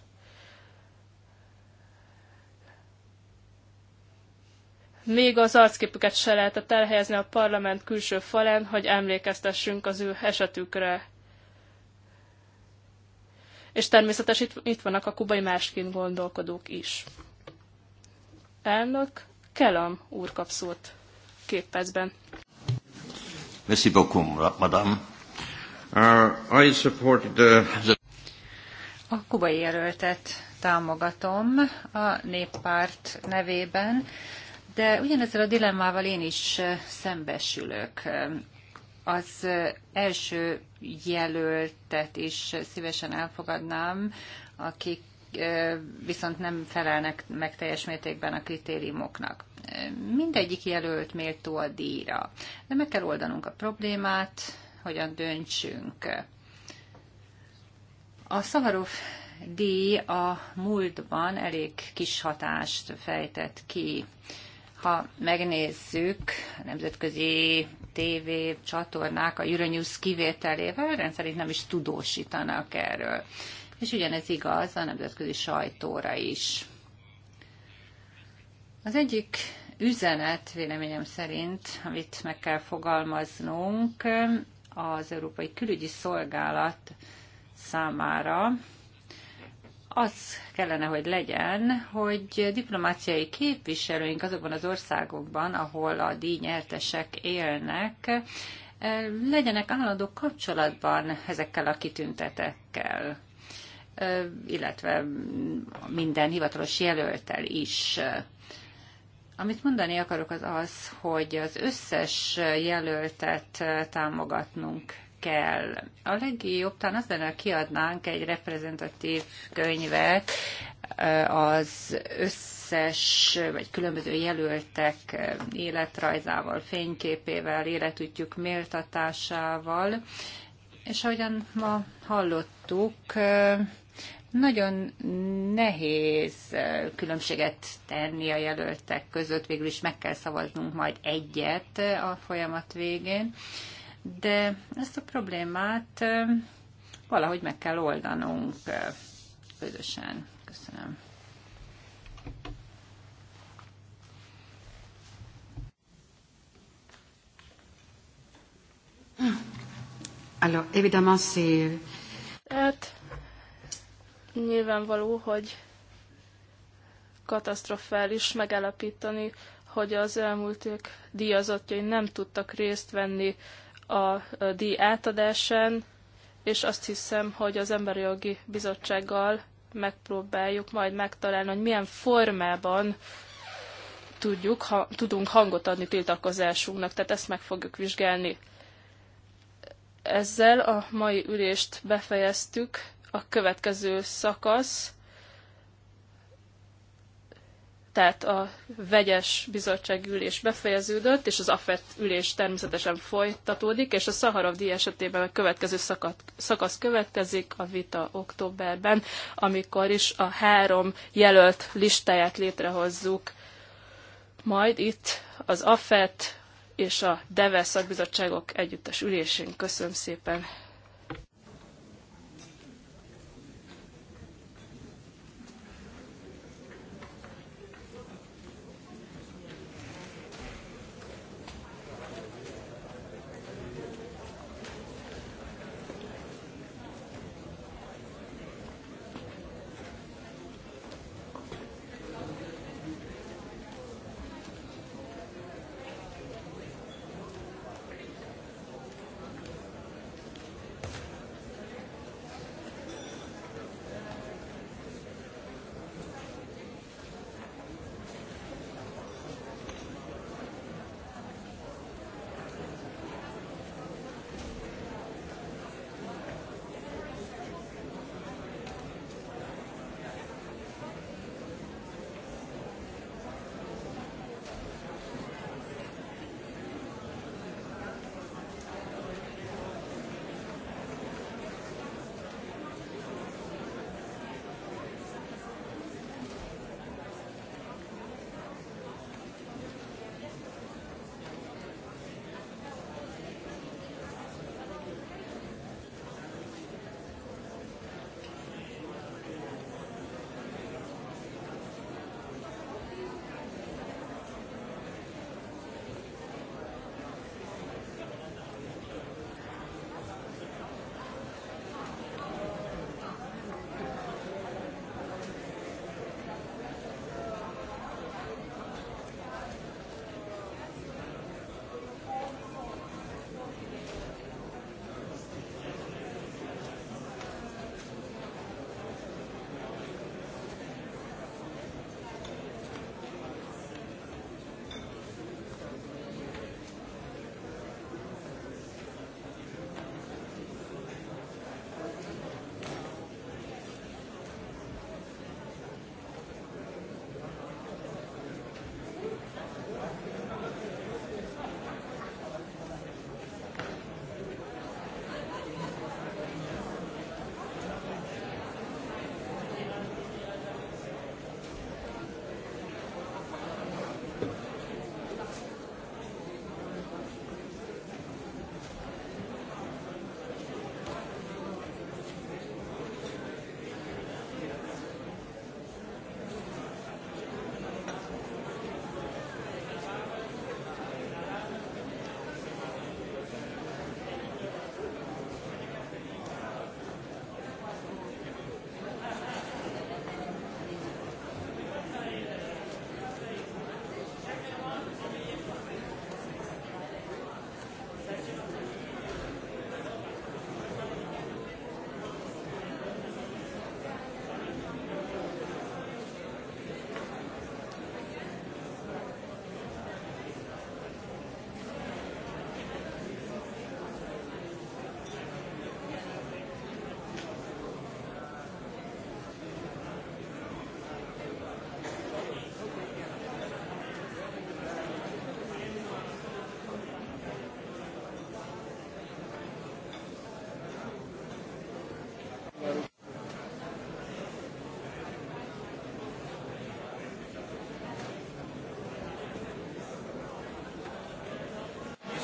Még az arcképüket se lehetett elhelyezni a parlament külső falán, hogy emlékeztessünk az ő esetükre. És természetesen itt, itt vannak a kubai másként gondolkodók is. Elnök Kelam úr kap szót két percben. Merci beaucoup, madame. Uh, I support the... A kubai jelöltet támogatom a néppárt nevében de ugyanezzel a dilemmával én is szembesülök. Az első jelöltet is szívesen elfogadnám, akik viszont nem felelnek meg teljes mértékben a kritériumoknak. Mindegyik jelölt méltó a díjra, de meg kell oldanunk a problémát, hogyan döntsünk. A Szaharov díj a múltban elég kis hatást fejtett ki. Ha megnézzük a nemzetközi TV csatornák a Euronews kivételével, rendszerint nem is tudósítanak erről. És ugyanez igaz a nemzetközi sajtóra is. Az egyik üzenet véleményem szerint, amit meg kell fogalmaznunk, az Európai Külügyi Szolgálat számára az kellene, hogy legyen, hogy diplomáciai képviselőink azokban az országokban, ahol a díjnyertesek élnek, eh, legyenek állandó kapcsolatban ezekkel a kitüntetekkel, eh, illetve minden hivatalos jelöltel is. Amit mondani akarok az az, hogy az összes jelöltet támogatnunk kell. A legjobb talán az lenne, kiadnánk egy reprezentatív könyvet az összes, vagy különböző jelöltek életrajzával, fényképével, életütjük méltatásával, és ahogyan ma hallottuk, nagyon nehéz különbséget tenni a jelöltek között, végül is meg kell szavaznunk majd egyet a folyamat végén de ezt a problémát valahogy meg kell oldanunk közösen. Köszönöm. Alors, évidemment, c'est... Hát, nyilvánvaló, hogy katasztrofális megállapítani, hogy az elmúlt évek díjazottjai nem tudtak részt venni a díj átadásán, és azt hiszem, hogy az Emberi Jogi Bizottsággal megpróbáljuk majd megtalálni, hogy milyen formában tudjuk, ha, tudunk hangot adni tiltakozásunknak, tehát ezt meg fogjuk vizsgálni. Ezzel a mai ülést befejeztük, a következő szakasz tehát a vegyes bizottság ülés befejeződött, és az AFET ülés természetesen folytatódik, és a Szaharov díj esetében a következő szakad, szakasz következik a vita októberben, amikor is a három jelölt listáját létrehozzuk. Majd itt az AFET és a DEVE szakbizottságok együttes ülésén. Köszönöm szépen!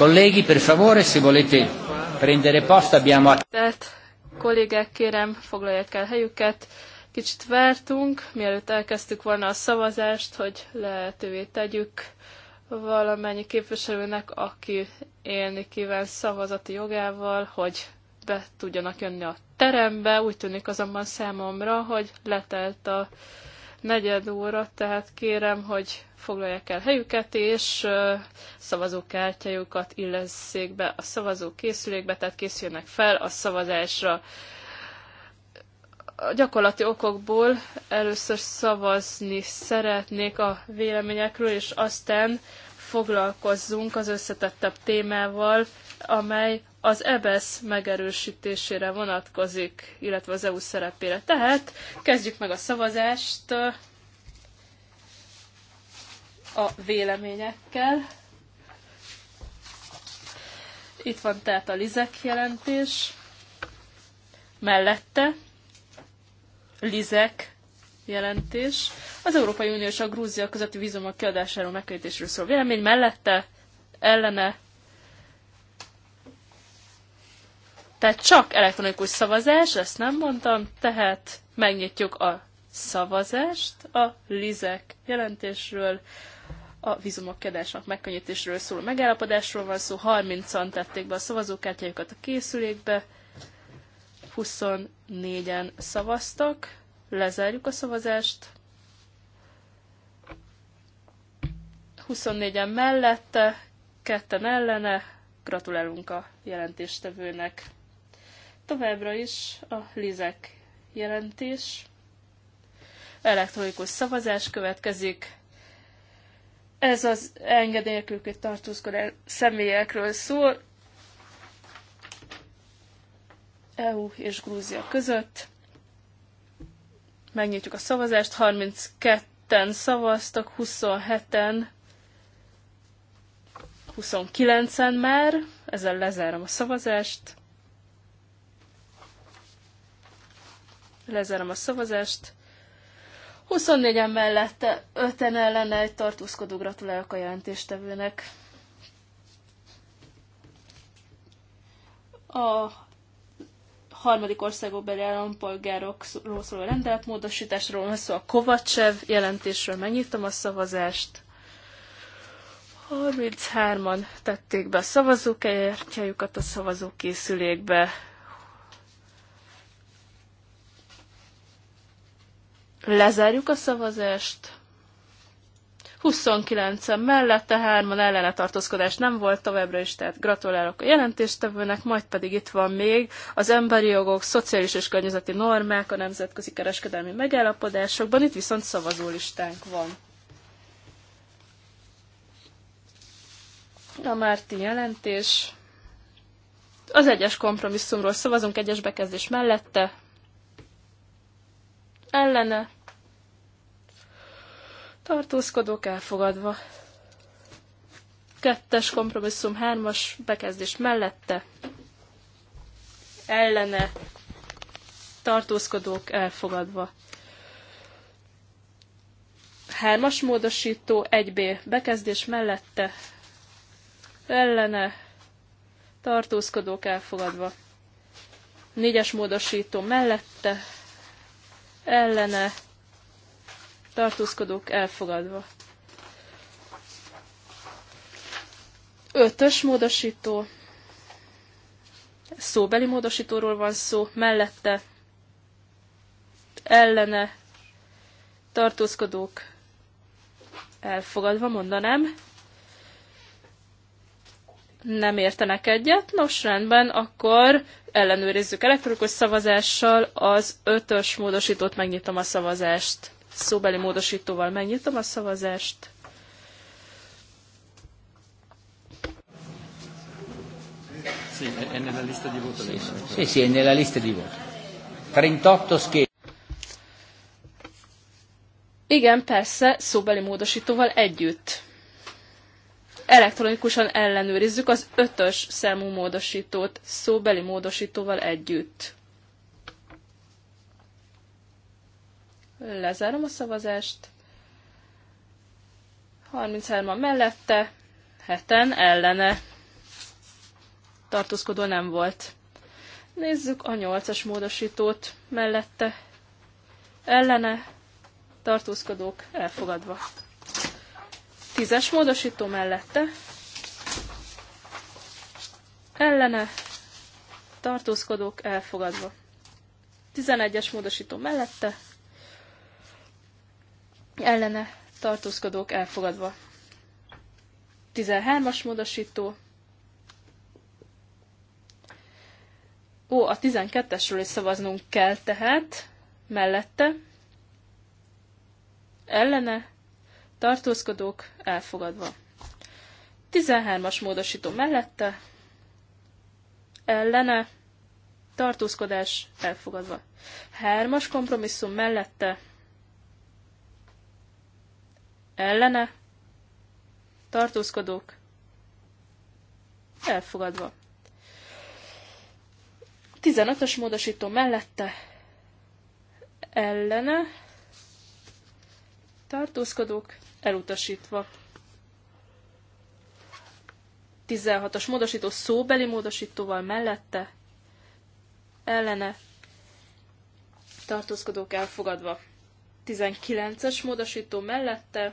Colleghi, per favore, se volete prendere posto, abbiamo... kollégák, kérem, foglalják el helyüket. Kicsit vártunk, mielőtt elkezdtük volna a szavazást, hogy lehetővé tegyük valamennyi képviselőnek, aki élni kíván szavazati jogával, hogy be tudjanak jönni a terembe. Úgy tűnik azonban számomra, hogy letelt a negyed óra, tehát kérem, hogy foglalják el helyüket, és szavazókártyájukat illesszék be a szavazókészülékbe, tehát készüljenek fel a szavazásra. A gyakorlati okokból először szavazni szeretnék a véleményekről, és aztán foglalkozzunk az összetettebb témával, amely az EBS e megerősítésére vonatkozik, illetve az EU szerepére. Tehát kezdjük meg a szavazást a véleményekkel. Itt van tehát a Lizek jelentés. Mellette Lizek jelentés. Az Európai Unió és a Grúzia közötti vízumok kiadásáról megkötésről szól vélemény. Mellette ellene Tehát csak elektronikus szavazás, ezt nem mondtam, tehát megnyitjuk a szavazást a Lizek jelentésről, a vízumok kedásnak megkönnyítésről szóló megállapodásról van szó, 30-an tették be a szavazókártyájukat a készülékbe, 24-en szavaztak, lezárjuk a szavazást, 24-en mellette, ketten ellene, gratulálunk a jelentéstevőnek. Továbbra is a Lizek jelentés. Elektronikus szavazás következik. Ez az engedélyekülként tartózkodó személyekről szól. EU és Grúzia között. Megnyitjuk a szavazást. 32-en szavaztak, 27-en, 29-en már. Ezzel lezárom a szavazást. Lezárom a szavazást. 24-en mellette, 5-en ellene egy tartózkodó gratulálok a jelentéstevőnek. A harmadik országokbeli állampolgárokról szóló rendeletmódosításról van szó a Kovacsev jelentésről. Megnyitom a szavazást. 33-an tették be a szavazókártyájukat a szavazókészülékbe. Lezárjuk a szavazást. 29-en mellette, hárman ellene tartózkodás nem volt továbbra is, tehát gratulálok a jelentéstevőnek, majd pedig itt van még az emberi jogok, szociális és környezeti normák a nemzetközi kereskedelmi megállapodásokban, itt viszont szavazólistánk van. A Márti jelentés. Az egyes kompromisszumról szavazunk, egyes bekezdés mellette, ellene, tartózkodók elfogadva. Kettes kompromisszum, hármas bekezdés mellette, ellene, tartózkodók elfogadva. Hármas módosító, 1B bekezdés mellette, ellene, tartózkodók elfogadva. Négyes módosító mellette, ellene, tartózkodók elfogadva. Ötös módosító, szóbeli módosítóról van szó, mellette, ellene, tartózkodók elfogadva, mondanám. Nem értenek egyet? Nos, rendben, akkor ellenőrizzük elektronikus szavazással az ötös módosítót, megnyitom a szavazást szóbeli módosítóval megnyitom a szavazást. Sí, sí, nella lista lista di voto. 38 schede. Igen, persze, szóbeli módosítóval együtt. Elektronikusan ellenőrizzük az ötös számú módosítót szóbeli módosítóval együtt. Lezárom a szavazást. 33-an mellette, heten ellene. Tartózkodó nem volt. Nézzük a 8-as módosítót mellette. Ellene, tartózkodók elfogadva. 10-es módosító mellette. Ellene, tartózkodók elfogadva. 11-es módosító mellette ellene tartózkodók elfogadva. 13-as módosító. Ó, a 12-esről is szavaznunk kell tehát, mellette, ellene, tartózkodók elfogadva. 13-as módosító mellette, ellene, tartózkodás elfogadva. 3-as kompromisszum mellette, ellene, tartózkodók, elfogadva. 15-ös módosító mellette, ellene, tartózkodók, elutasítva. 16-os módosító szóbeli módosítóval mellette, ellene, tartózkodók elfogadva. 19-es módosító mellette,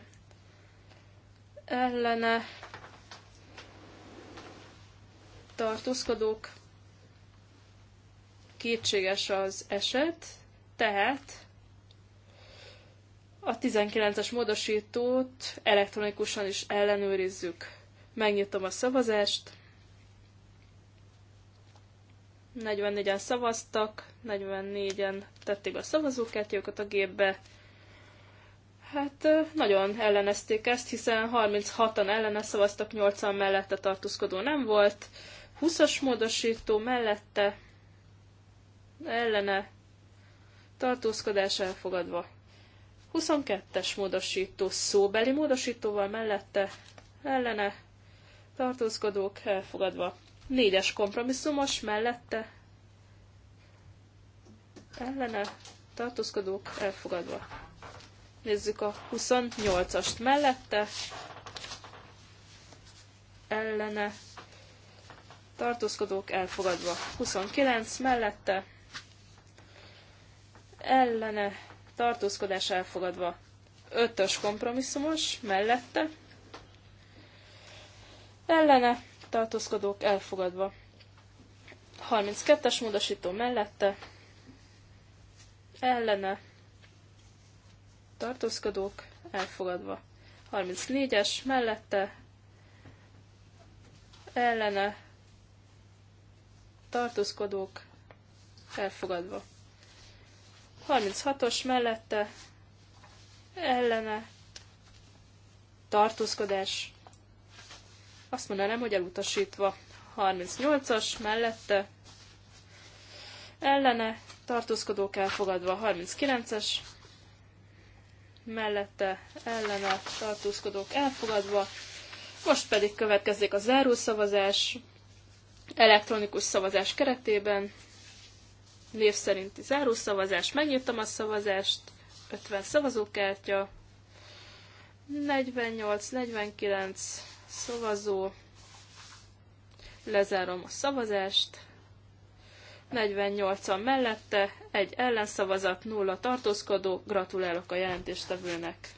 ellene tartózkodók kétséges az eset, tehát a 19-es módosítót elektronikusan is ellenőrizzük. Megnyitom a szavazást. 44-en szavaztak, 44-en tették a szavazókártyákat a gépbe, Hát nagyon ellenezték ezt, hiszen 36-an ellene szavaztak, 8-an mellette tartózkodó nem volt. 20-as módosító mellette ellene tartózkodás elfogadva. 22-es módosító szóbeli módosítóval mellette ellene tartózkodók elfogadva. 4-es kompromisszumos mellette ellene tartózkodók elfogadva. Nézzük a 28-ast mellette. Ellene. Tartózkodók elfogadva. 29 mellette. Ellene. Tartózkodás elfogadva. 5-ös kompromisszumos mellette. Ellene. Tartózkodók elfogadva. 32-es módosító mellette. Ellene tartózkodók elfogadva. 34-es mellette ellene tartózkodók elfogadva. 36-os mellette ellene tartózkodás azt mondanám, hogy elutasítva. 38-as mellette ellene tartózkodók elfogadva. 39-es mellette ellene tartózkodók elfogadva. Most pedig következzék a zárószavazás elektronikus szavazás keretében. Név szerinti zárószavazás. Megnyitom a szavazást. 50 szavazókártya. 48-49 szavazó. Lezárom a szavazást. 48-an mellette, egy ellenszavazat, nulla tartózkodó. Gratulálok a jelentéstevőnek!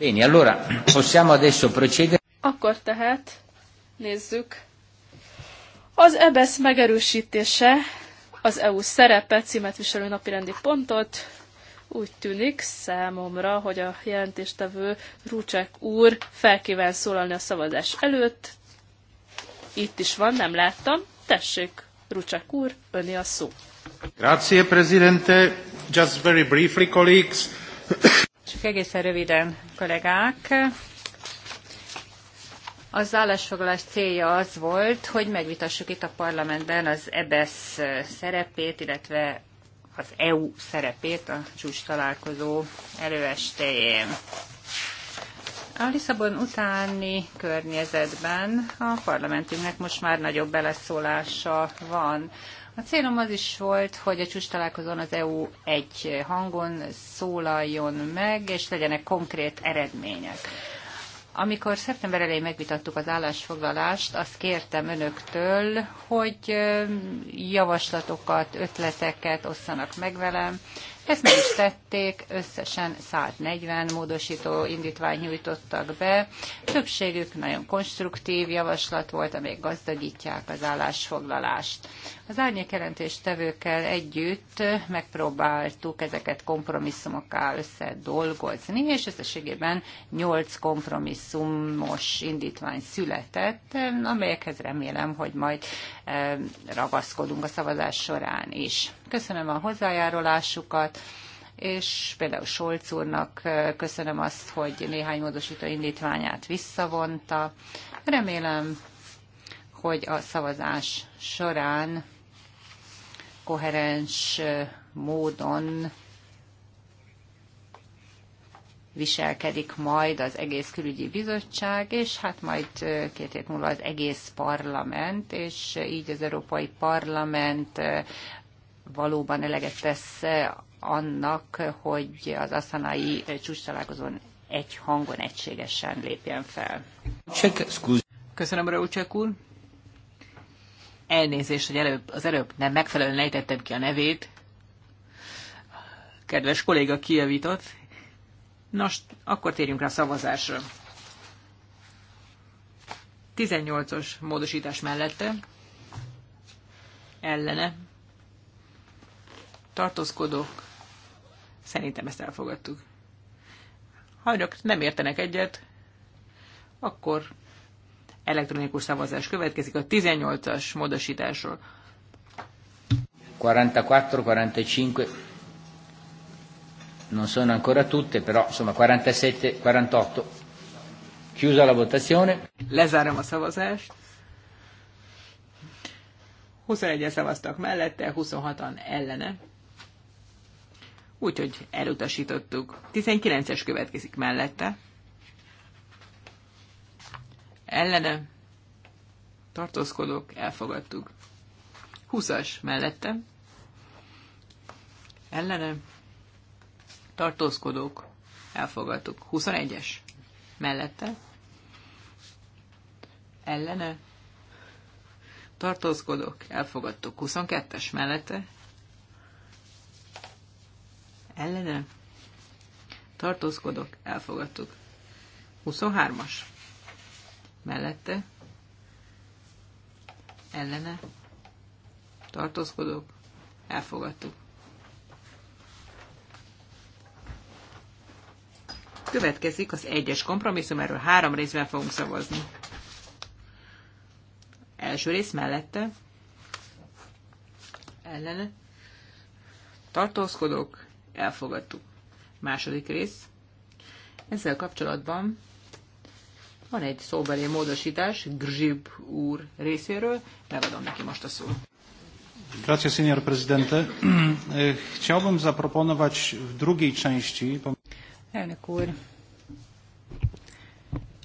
Bene, allora possiamo adesso procedere. Akkor tehát nézzük. Az EBESZ megerősítése az EU szerepe címet viselő napirendi pontot. Úgy tűnik számomra, hogy a jelentéstevő Rúcsák úr felkíván szólalni a szavazás előtt. Itt is van, nem láttam. Tessék, Rúcsák úr, öné a szó. Grazie, Presidente. Just very briefly, colleagues. Csak egészen röviden, kollégák. Az állásfoglalás célja az volt, hogy megvitassuk itt a parlamentben az EBESZ szerepét, illetve az EU szerepét a csúcs találkozó előestéjén. A Lisszabon utáni környezetben a parlamentünknek most már nagyobb beleszólása van. A célom az is volt, hogy a csúcs találkozón az EU egy hangon szólaljon meg, és legyenek konkrét eredmények. Amikor szeptember elején megvitattuk az állásfoglalást, azt kértem önöktől, hogy javaslatokat, ötleteket osszanak meg velem. Ezt meg is tették, összesen 140 módosító indítvány nyújtottak be. Többségük nagyon konstruktív javaslat volt, amely gazdagítják az állásfoglalást. Az árnyék jelentéstevőkkel együtt megpróbáltuk ezeket kompromisszumokká összedolgozni, és összességében nyolc kompromisszumos indítvány született, amelyekhez remélem, hogy majd e, ragaszkodunk a szavazás során is. Köszönöm a hozzájárulásukat és például Solc úrnak e, köszönöm azt, hogy néhány módosító indítványát visszavonta. Remélem, hogy a szavazás során koherens módon viselkedik majd az egész külügyi bizottság, és hát majd két hét múlva az egész parlament, és így az Európai Parlament valóban eleget tesz annak, hogy az aszanai csúcs találkozón egy hangon egységesen lépjen fel. Köszönöm, Raucsek úr. Elnézést, hogy előbb, az előbb nem megfelelően ejtettem ki a nevét. Kedves kolléga kijavított. Nos, akkor térjünk rá a szavazásra. 18-os módosítás mellette ellene tartózkodok. Szerintem ezt elfogadtuk. Ha önök nem értenek egyet, akkor elektronikus szavazás következik a 18-as módosításról. 44-45 non sono ancora tutte, però insomma 47-48. Chiusa la votazione. Lezárom a szavazást. 21-en szavaztak mellette, 26-an ellene. Úgyhogy elutasítottuk. 19-es következik mellette ellene tartózkodok, elfogadtuk. 20-as mellette ellene tartózkodók elfogadtuk. 21-es mellette ellene tartózkodok, elfogadtuk. 22-es mellette ellene tartózkodok, elfogadtuk. 23-as mellette ellene tartózkodok, elfogadtuk. Következik az egyes kompromisszum, erről három részben fogunk szavazni. Első rész mellette ellene tartózkodok, elfogadtuk. Második rész. Ezzel kapcsolatban van egy szóbeli módosítás Grzib úr részéről, megadom neki most a szót. Grazie, signor Presidente. Eh, chciałbym zaproponować w drugiej części... Elnök úr,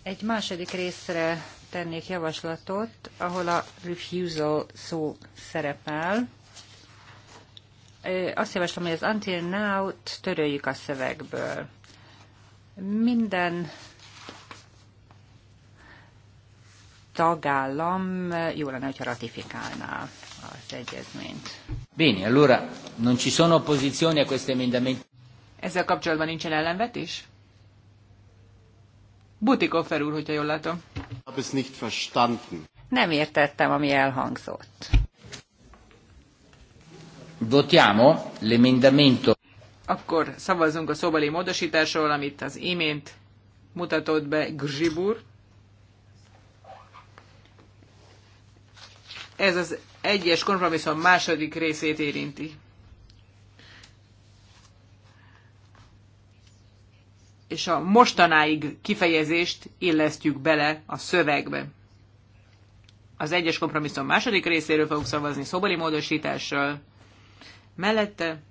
egy második részre tennék javaslatot, ahol a refusal szó szerepel. Eh, azt javaslom, hogy az until now-t töröljük a szövegből. Minden tagállam jó lenne, hogyha ratifikálná az egyezményt. Bene, allora non ci sono opposizioni a questo emendamento. Ezzel kapcsolatban nincsen ellenvetés? Butikoffer úr, hogyha jól látom. Nem értettem, ami elhangzott. Votiamo l'emendamento. Akkor szavazzunk a szóbeli módosításról, amit az imént mutatott be Gzsibur. Ez az egyes kompromisszum második részét érinti. És a mostanáig kifejezést illesztjük bele a szövegbe. Az egyes kompromisszum második részéről fogunk szavazni szobori módosítással. Mellette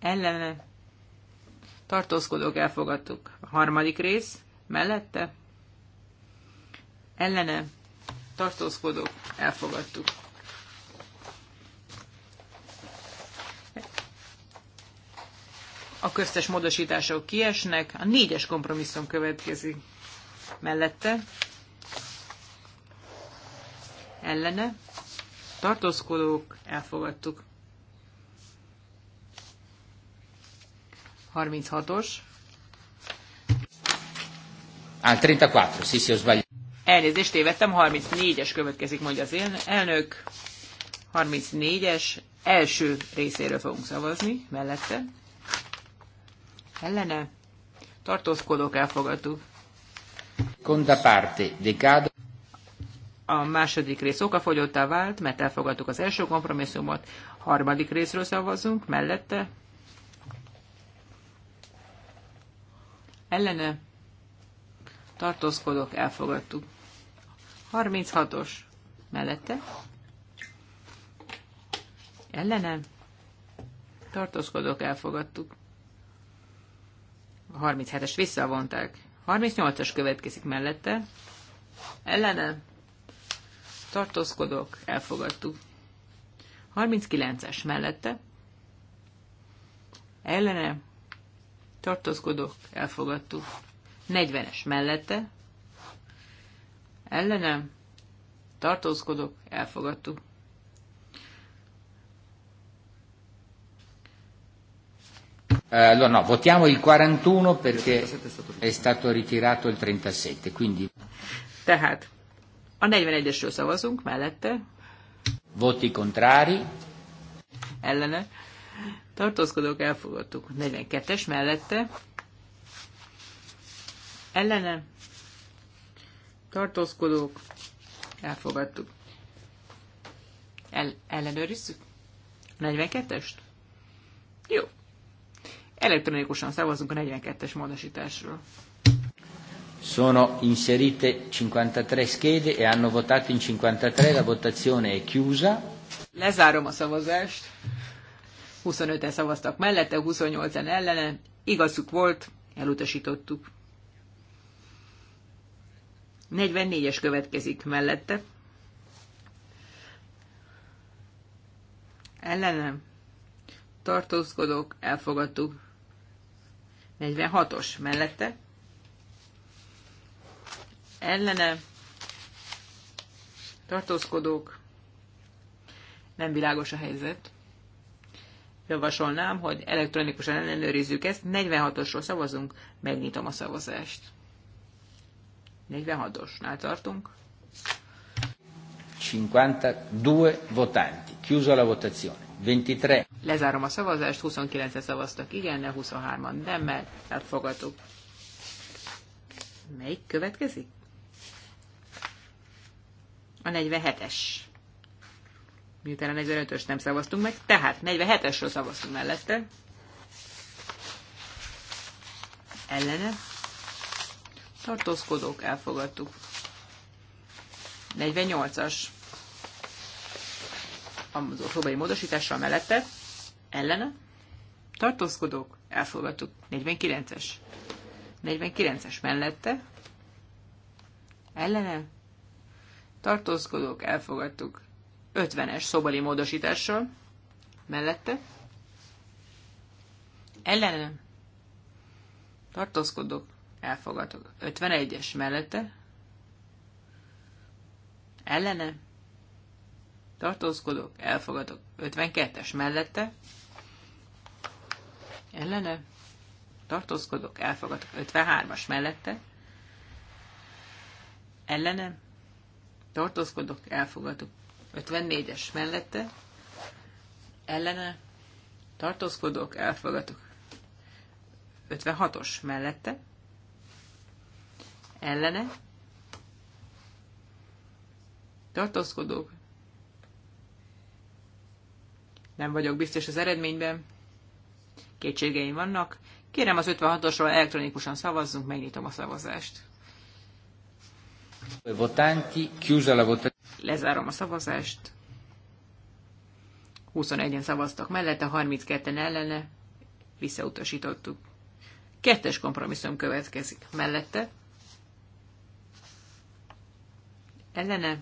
ellene tartózkodók elfogadtuk. A harmadik rész mellette ellene tartózkodók, elfogadtuk. A köztes módosítások kiesnek, a négyes kompromisszum következik mellette, ellene, tartózkodók, elfogadtuk. 36-os. Al 34, sì, se ho sbagliato. Elnézést tévedtem, 34-es következik, mondja az én elnök. 34-es első részéről fogunk szavazni, mellette. Ellene. Tartózkodók elfogadtuk. Conda parte, decado. A második rész okafogyottá vált, mert elfogadtuk az első kompromisszumot. Harmadik részről szavazunk, mellette. Ellene. Tartózkodók elfogadtuk. 36-os mellette Ellenem. tartózkodók elfogadtuk. A 37-es visszavonták. 38-as következik mellette. Ellenem. tartózkodók elfogadtuk. 39-es mellette. Ellenem. tartózkodók elfogadtuk. 40-es mellette ellenem, tartózkodok, elfogadtuk. Allora no, votiamo il 41 perché è stato ritirato il 37, quindi... Tehát a 41-esről szavazunk, mellette. Voti contrari. Ellene. Tartózkodók elfogadtuk. 42-es mellette. Ellene tartózkodók, elfogadtuk. El, ellenőrizzük? 42-est? Jó. Elektronikusan szavazunk a 42-es módosításról. Sono inserite 53 schede e hanno votato in 53, la votazione è chiusa. Lezárom a szavazást. 25-en szavaztak mellette, 28-en ellene. Igazuk volt, elutasítottuk. 44-es következik mellette. Ellenem. Tartózkodók, elfogadtuk. 46-os mellette. Ellene. Tartózkodók. Nem világos a helyzet. Javasolnám, hogy elektronikusan ellenőrizzük ezt. 46-osról szavazunk, megnyitom a szavazást. 46-osnál tartunk. 52 votanti. Chiuso la votazione. 23. Lezárom a szavazást, 29-en szavaztak igennel, 23-an nemmel, tehát fogadtuk. Melyik következik? A 47-es. Miután a 45-ös nem szavaztunk meg, tehát 47-esről szavaztunk mellette. Ellene tartózkodók, elfogadtuk. 48-as az szobai módosítással mellette, ellene, tartózkodók, elfogadtuk. 49-es. 49-es mellette, ellene, tartózkodók, elfogadtuk. 50-es szobali módosítással, mellette, ellene, tartózkodók, elfogadok. 51-es mellette, ellene, tartózkodok, elfogadok. 52-es mellette, ellene, tartózkodok, elfogadok. 53-as mellette, ellene, tartózkodok, elfogadok. 54-es mellette, ellene, tartózkodok, elfogadok. 56-os mellette, ellene, tartózkodók, nem vagyok biztos az eredményben, kétségeim vannak, kérem az 56-osról elektronikusan szavazzunk, megnyitom a szavazást. Votanti, chiusa la Lezárom a szavazást. 21-en szavaztak mellette, 32-en ellene, visszautasítottuk. Kettes kompromisszum következik mellette, ellene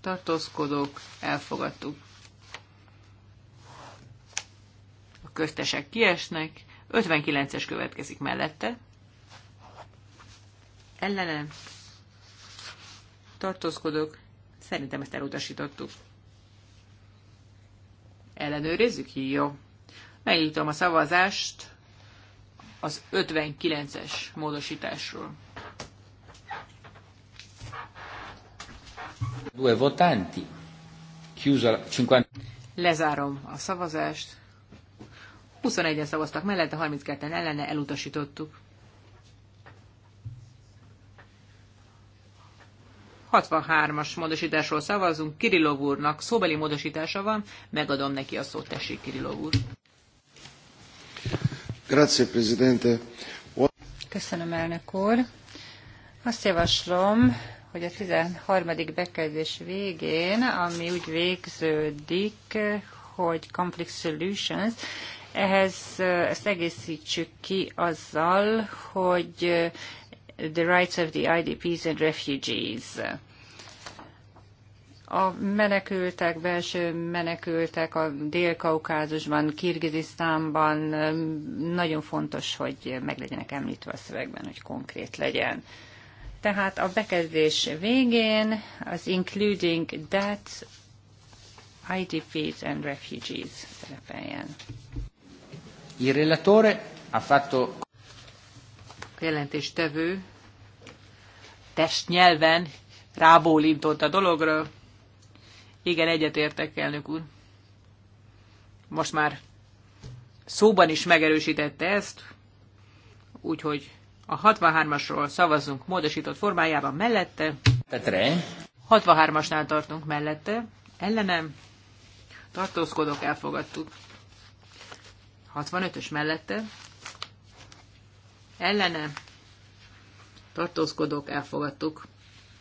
tartózkodók elfogadtuk. A köztesek kiesnek, 59-es következik mellette, ellene tartózkodók, szerintem ezt elutasítottuk. Ellenőrizzük? Jó. Megnyitom a szavazást az 59-es módosításról. Due votanti. 50. Lezárom a szavazást. 21-en szavaztak mellette, 32-en ellene elutasítottuk. 63-as módosításról szavazunk, Kirillov úrnak szóbeli módosítása van, megadom neki a szót, tessék Kirillov úr. Grazie, Presidente. Köszönöm, elnök úr. Azt javaslom, hogy a 13. bekezdés végén, ami úgy végződik, hogy Conflict Solutions, ehhez ezt egészítsük ki azzal, hogy the rights of the IDPs and refugees. A menekültek, belső menekültek a Dél-Kaukázusban, Kirgizisztánban nagyon fontos, hogy meg legyenek említve a szövegben, hogy konkrét legyen. Tehát a bekezdés végén az including that IDPs and refugees szerepeljen. Il relatore ha fatto... Jelentéstevő testnyelven rábólintott a dologra. Igen, egyetértek, elnök úr. Most már szóban is megerősítette ezt, úgyhogy a 63-asról szavazunk módosított formájában mellette. Tetre. 63-asnál tartunk mellette. Ellenem. Tartózkodok, elfogadtuk. 65-ös mellette. Ellenem. Tartózkodók, elfogadtuk.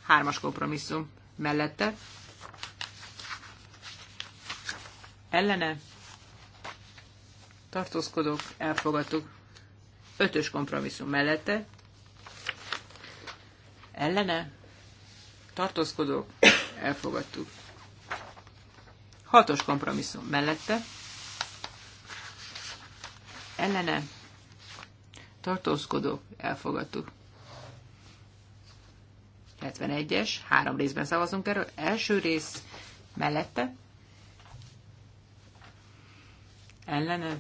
Hármas kompromisszum mellette. Ellene. Tartózkodók, elfogadtuk. Ötös kompromisszum mellette. Ellene. Tartózkodók. Elfogadtuk. Hatos kompromisszum mellette. Ellene. Tartózkodók. Elfogadtuk. 71-es. Három részben szavazunk erről. Első rész mellette. Ellene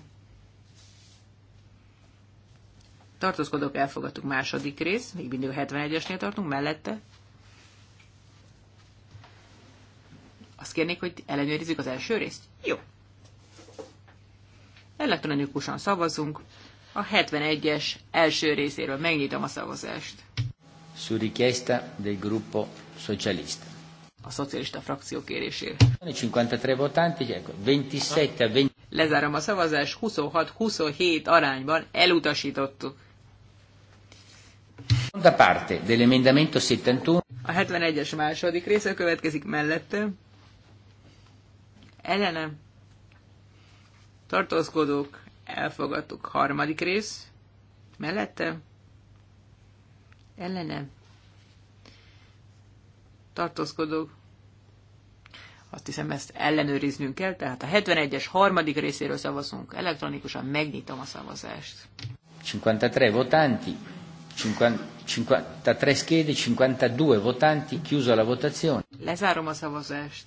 tartózkodók elfogadtuk második rész, még mindig a 71-esnél tartunk, mellette. Azt kérnék, hogy ellenőrizzük az első részt? Jó. Elektronikusan szavazunk. A 71-es első részéről megnyitom a szavazást. Su richiesta del gruppo socialista. A szocialista frakció kérésére. 53 votanti, ecco, 27 20... Lezárom a szavazást, 26-27 arányban elutasítottuk. Da parte dell'emendamento 71. A 71-es második része következik mellette. Ellene. Tartózkodók, elfogadtuk. Harmadik rész. Mellette. Ellene. Tartózkodók. Azt hiszem, ezt ellenőriznünk kell, tehát a 71-es harmadik részéről szavazunk. Elektronikusan megnyitom a szavazást. 53 votanti. 53 schede, 52 votanti, chiusa la votazione. Lezárom a szavazást.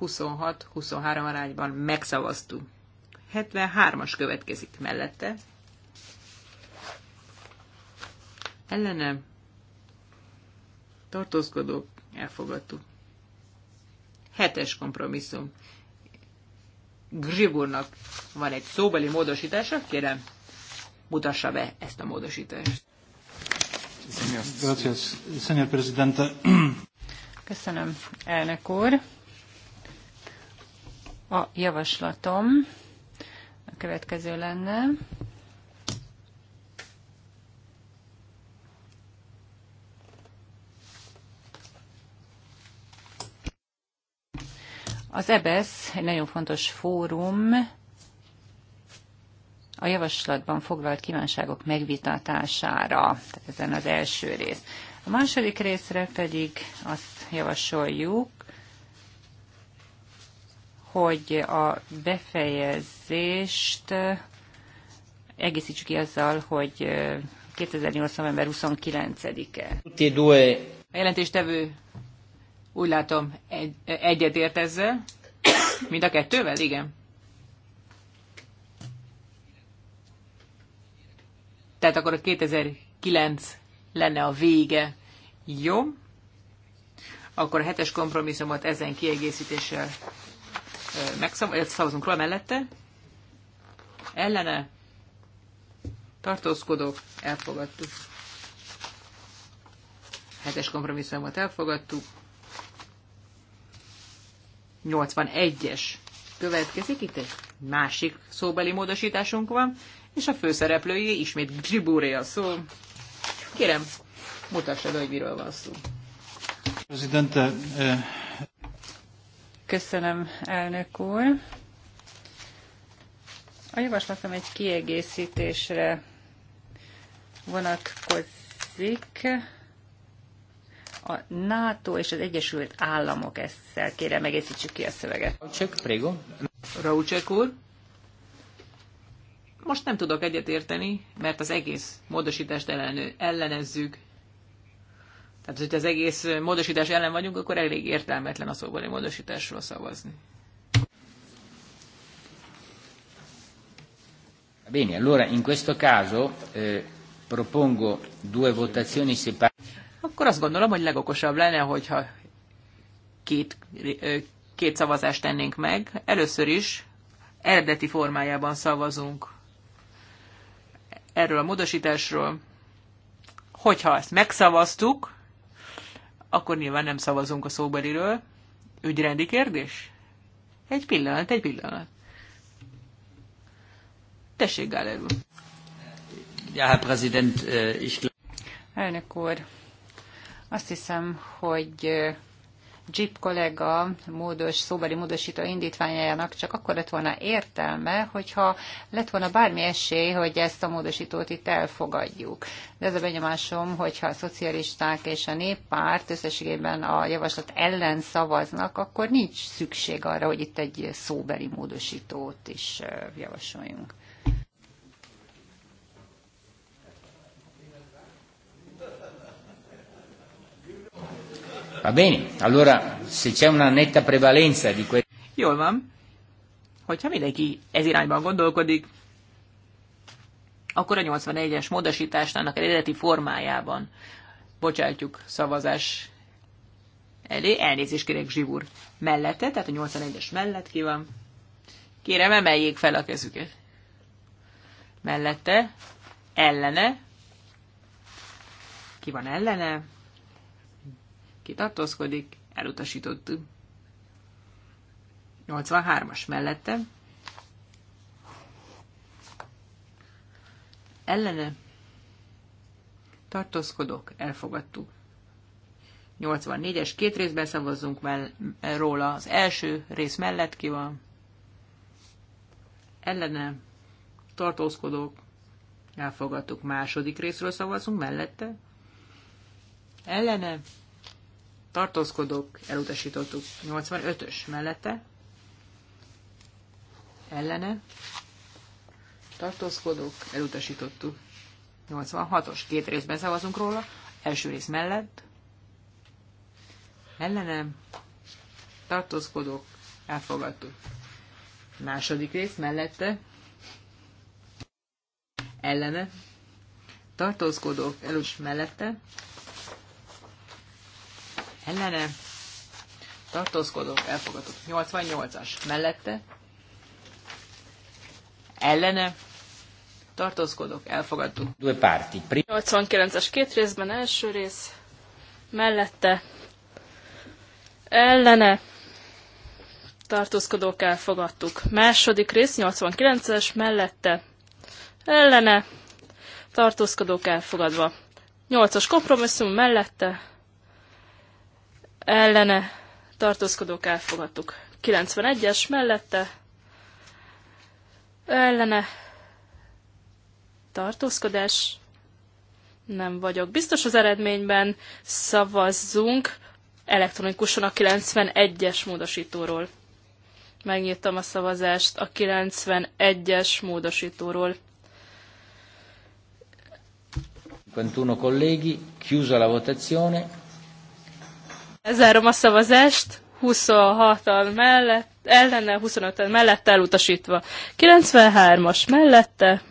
26-23 arányban megszavaztuk. 73-as következik mellette. Ellenem tartózkodók elfogadtuk. Hetes kompromisszum. Grigornak van egy szóbeli módosítása, kérem, mutassa be ezt a módosítást. Köszönöm, elnök úr. A javaslatom a következő lenne. Az EBSZ egy nagyon fontos fórum, a javaslatban foglalt kívánságok megvitatására, tehát ezen az első rész. A második részre pedig azt javasoljuk, hogy a befejezést egészítsük ki azzal, hogy 2008. november 29-e. E a jelentéstevő úgy látom egy, egyetért ezzel. Mind a kettővel? Igen. tehát akkor a 2009 lenne a vége. Jó. Akkor a hetes kompromisszumot ezen kiegészítéssel megszavazunk róla mellette. Ellene tartózkodók, elfogadtuk. Hetes kompromisszumot elfogadtuk. 81-es következik itt egy másik szóbeli módosításunk van, és a főszereplője ismét Gribúré a szó. Kérem, mutassa be, hogy miről van szó. Eh, Köszönöm, elnök úr. A javaslatom egy kiegészítésre vonatkozik. A NATO és az Egyesült Államok ezzel kérem egészítsük ki a szöveget. Csak prego. Raúcsek úr. Most nem tudok egyetérteni, mert az egész módosítást ellenő, ellenezzük. Tehát, hogyha az egész módosítás ellen vagyunk, akkor elég értelmetlen a szóbeli módosításról szavazni. Bene, allora in questo caso eh, propongo due votazioni separate. Akkor azt gondolom, hogy legokosabb lenne, hogyha két eh, két szavazást tennénk meg. Először is eredeti formájában szavazunk erről a módosításról. Hogyha ezt megszavaztuk, akkor nyilván nem szavazunk a szóbeliről. Ügyrendi kérdés? Egy pillanat, egy pillanat. Tessék, Gáler úr. Ja, Herr Präsident, äh, ich... Elnök úr, azt hiszem, hogy Jeep kollega módos, szóbeli módosító indítványájának csak akkor lett volna értelme, hogyha lett volna bármi esély, hogy ezt a módosítót itt elfogadjuk. De ez a benyomásom, hogyha a szocialisták és a néppárt összességében a javaslat ellen szavaznak, akkor nincs szükség arra, hogy itt egy szóbeli módosítót is javasoljunk. Va bene, allora se c'è una netta prevalenza di questo... Jól van. Hogyha mindenki ez irányban gondolkodik, akkor a 81-es módosításnak eredeti formájában bocsátjuk szavazás elé. Elnézést kérek Zsivúr mellette, tehát a 81-es mellett ki van. Kérem, emeljék fel a kezüket. Mellette, ellene, ki van ellene, ki tartózkodik, elutasítottuk. 83-as mellette. Ellene tartózkodok, elfogadtuk. 84-es két részben szavazzunk mell- róla. Az első rész mellett ki van. Ellene tartózkodok, elfogadtuk. Második részről szavazunk mellette. Ellene tartózkodók, elutasítottuk. 85-ös mellette, ellene, tartózkodók, elutasítottuk. 86-os, két részben szavazunk róla, első rész mellett, ellenem, tartózkodók, elfogadtuk. Második rész mellette, ellene, tartózkodók, elus mellette, ellene, tartózkodók, elfogadtuk. 88-as mellette, ellene, Tartózkodok, elfogadtuk. Due parti. 89-es két részben, első rész, mellette, ellene, tartózkodók, elfogadtuk. Második rész, 89-es, mellette, ellene, tartózkodók elfogadva. 8-as kompromisszum mellette, ellene tartózkodók elfogadtuk. 91-es mellette ellene tartózkodás nem vagyok biztos az eredményben, szavazzunk elektronikusan a 91-es módosítóról. Megnyitom a szavazást a 91-es módosítóról. 51 colleghi, chiusa la votazione. Lezárom a szavazást. 26-an mellett, ellene, 25-en mellett elutasítva. 93-as mellette.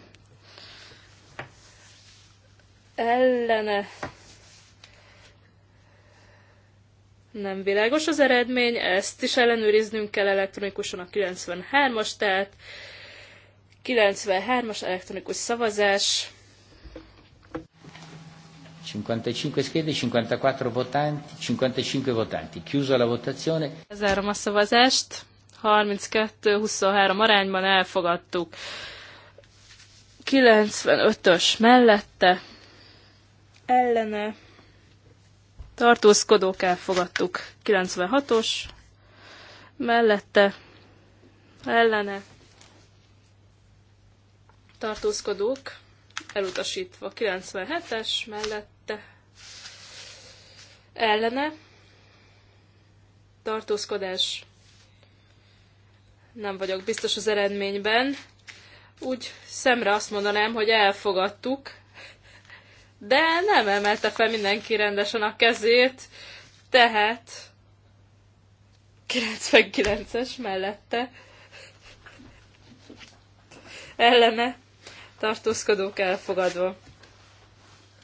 Ellene. Nem világos az eredmény, ezt is ellenőriznünk kell elektronikusan a 93-as, tehát 93-as elektronikus szavazás. 55 schede, 54 votanti, 55 votanti. Chiusa la votazione. Zárom a szavazást. 32-23 arányban elfogadtuk. 95-ös mellette ellene tartózkodók elfogadtuk. 96-os mellette ellene tartózkodók elutasítva. 97-es mellette ellene tartózkodás. Nem vagyok biztos az eredményben. Úgy szemre azt mondanám, hogy elfogadtuk, de nem emelte fel mindenki rendesen a kezét, tehát 99-es mellette ellene tartózkodók elfogadva.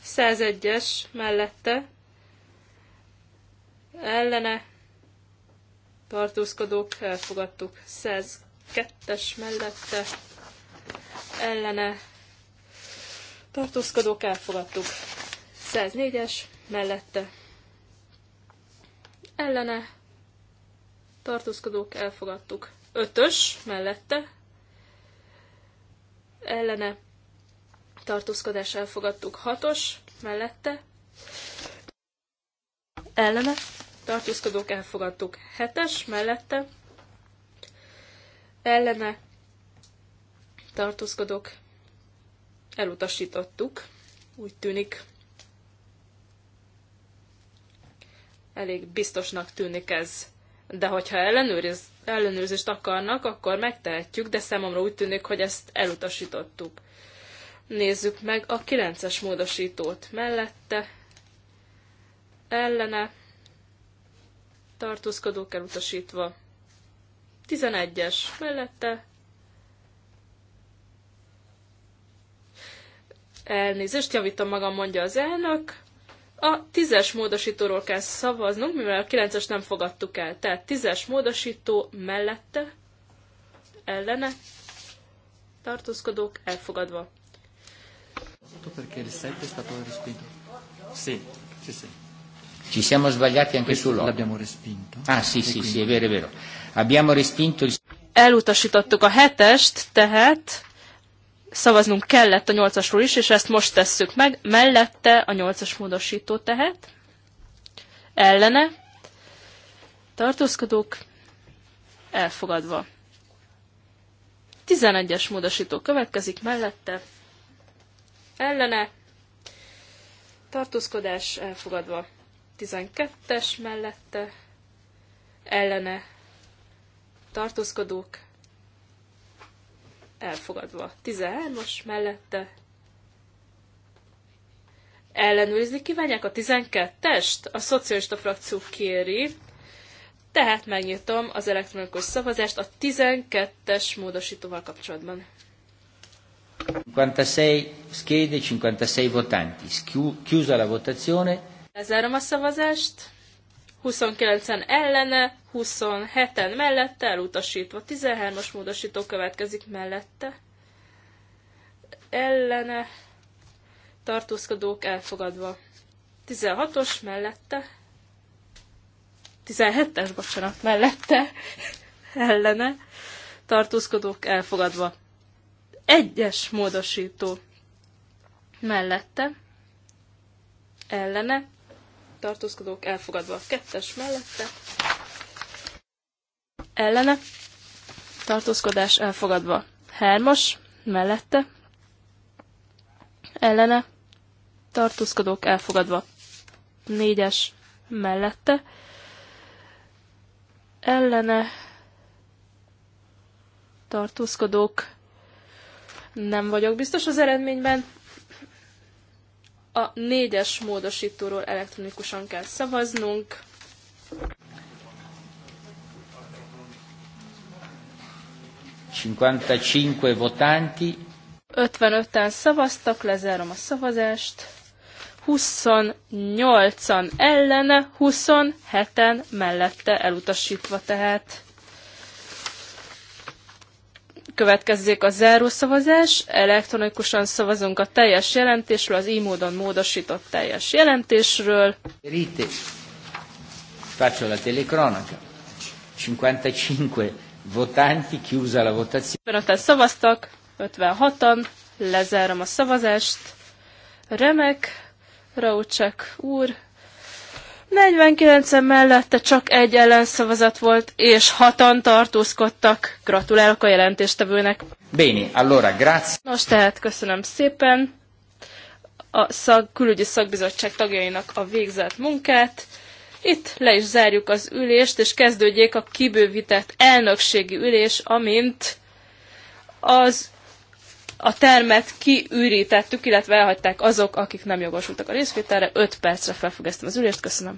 101-es mellette ellene tartózkodók elfogadtuk. 102-es mellette ellene tartózkodók elfogadtuk. 104-es mellette ellene tartózkodók elfogadtuk. 5-ös mellette ellene tartózkodás elfogadtuk. 6-os mellette ellene tartózkodók elfogadtuk. Hetes mellette ellene tartózkodók elutasítottuk, úgy tűnik. Elég biztosnak tűnik ez. De hogyha ellenőriz, ellenőrzést akarnak, akkor megtehetjük, de számomra úgy tűnik, hogy ezt elutasítottuk. Nézzük meg a 9-es módosítót mellette, ellene, tartózkodók elutasítva. 11-es mellette elnézést, javítom magam, mondja az elnök. A 10-es módosítóról kell szavaznunk, mivel a 9-es nem fogadtuk el. Tehát 10-es módosító mellette, ellene, tartózkodók elfogadva. Sí, sí, sí. Ci siamo sbagliati anche sull'8. L'abbiamo respinto. Ah sì, e sì, sì, è vero, è vero. Abbiamo respinto il... Elutasítottuk a hetest, tehát szavaznunk kellett a nyolcasról is, és ezt most tesszük meg. Mellette a nyolcas módosító tehet. Ellene. Tartózkodók. Elfogadva. 11-es módosító következik mellette. Ellene. Tartózkodás elfogadva. 12-es mellette ellene tartózkodók elfogadva. 13-as mellette ellenőrizni kívánják a 12-est? A szocialista frakció kéri, tehát megnyitom az elektronikus szavazást a 12-es módosítóval kapcsolatban. 56 schede, 56 votanti. Chiusa la votazione. Lezárom a szavazást. 29-en ellene, 27-en mellette, elutasítva. 13-as módosító következik mellette. Ellene, tartózkodók elfogadva. 16-os mellette, 17-es, bocsánat, mellette, ellene, tartózkodók elfogadva. Egyes módosító mellette, ellene, tartózkodók elfogadva a kettes mellette, ellene, tartózkodás elfogadva hármas mellette, ellene, tartózkodók elfogadva négyes mellette, ellene, tartózkodók nem vagyok biztos az eredményben, a négyes módosítóról elektronikusan kell szavaznunk. votanti. 55-en szavaztak, lezárom a szavazást. 28-an ellene, 27-en mellette elutasítva tehát következzék a zárószavazás, elektronikusan szavazunk a teljes jelentésről, az így módon módosított teljes jelentésről. Rite, faccio la telecronaca. 55 votanti, chiusa la votazione. 55 szavaztak, 56-an, lezárom a szavazást. Remek, Raucsek úr, 49 mellette csak egy ellenszavazat volt, és hatan tartózkodtak. Gratulálok a jelentéstevőnek. Béni, allora, grazie. Nos tehát köszönöm szépen a szak, külügyi szakbizottság tagjainak a végzett munkát. Itt le is zárjuk az ülést, és kezdődjék a kibővített elnökségi ülés, amint az a termet kiürítettük, illetve elhagyták azok, akik nem jogosultak a részvételre. 5 percre felfüggesztem az ülést, köszönöm.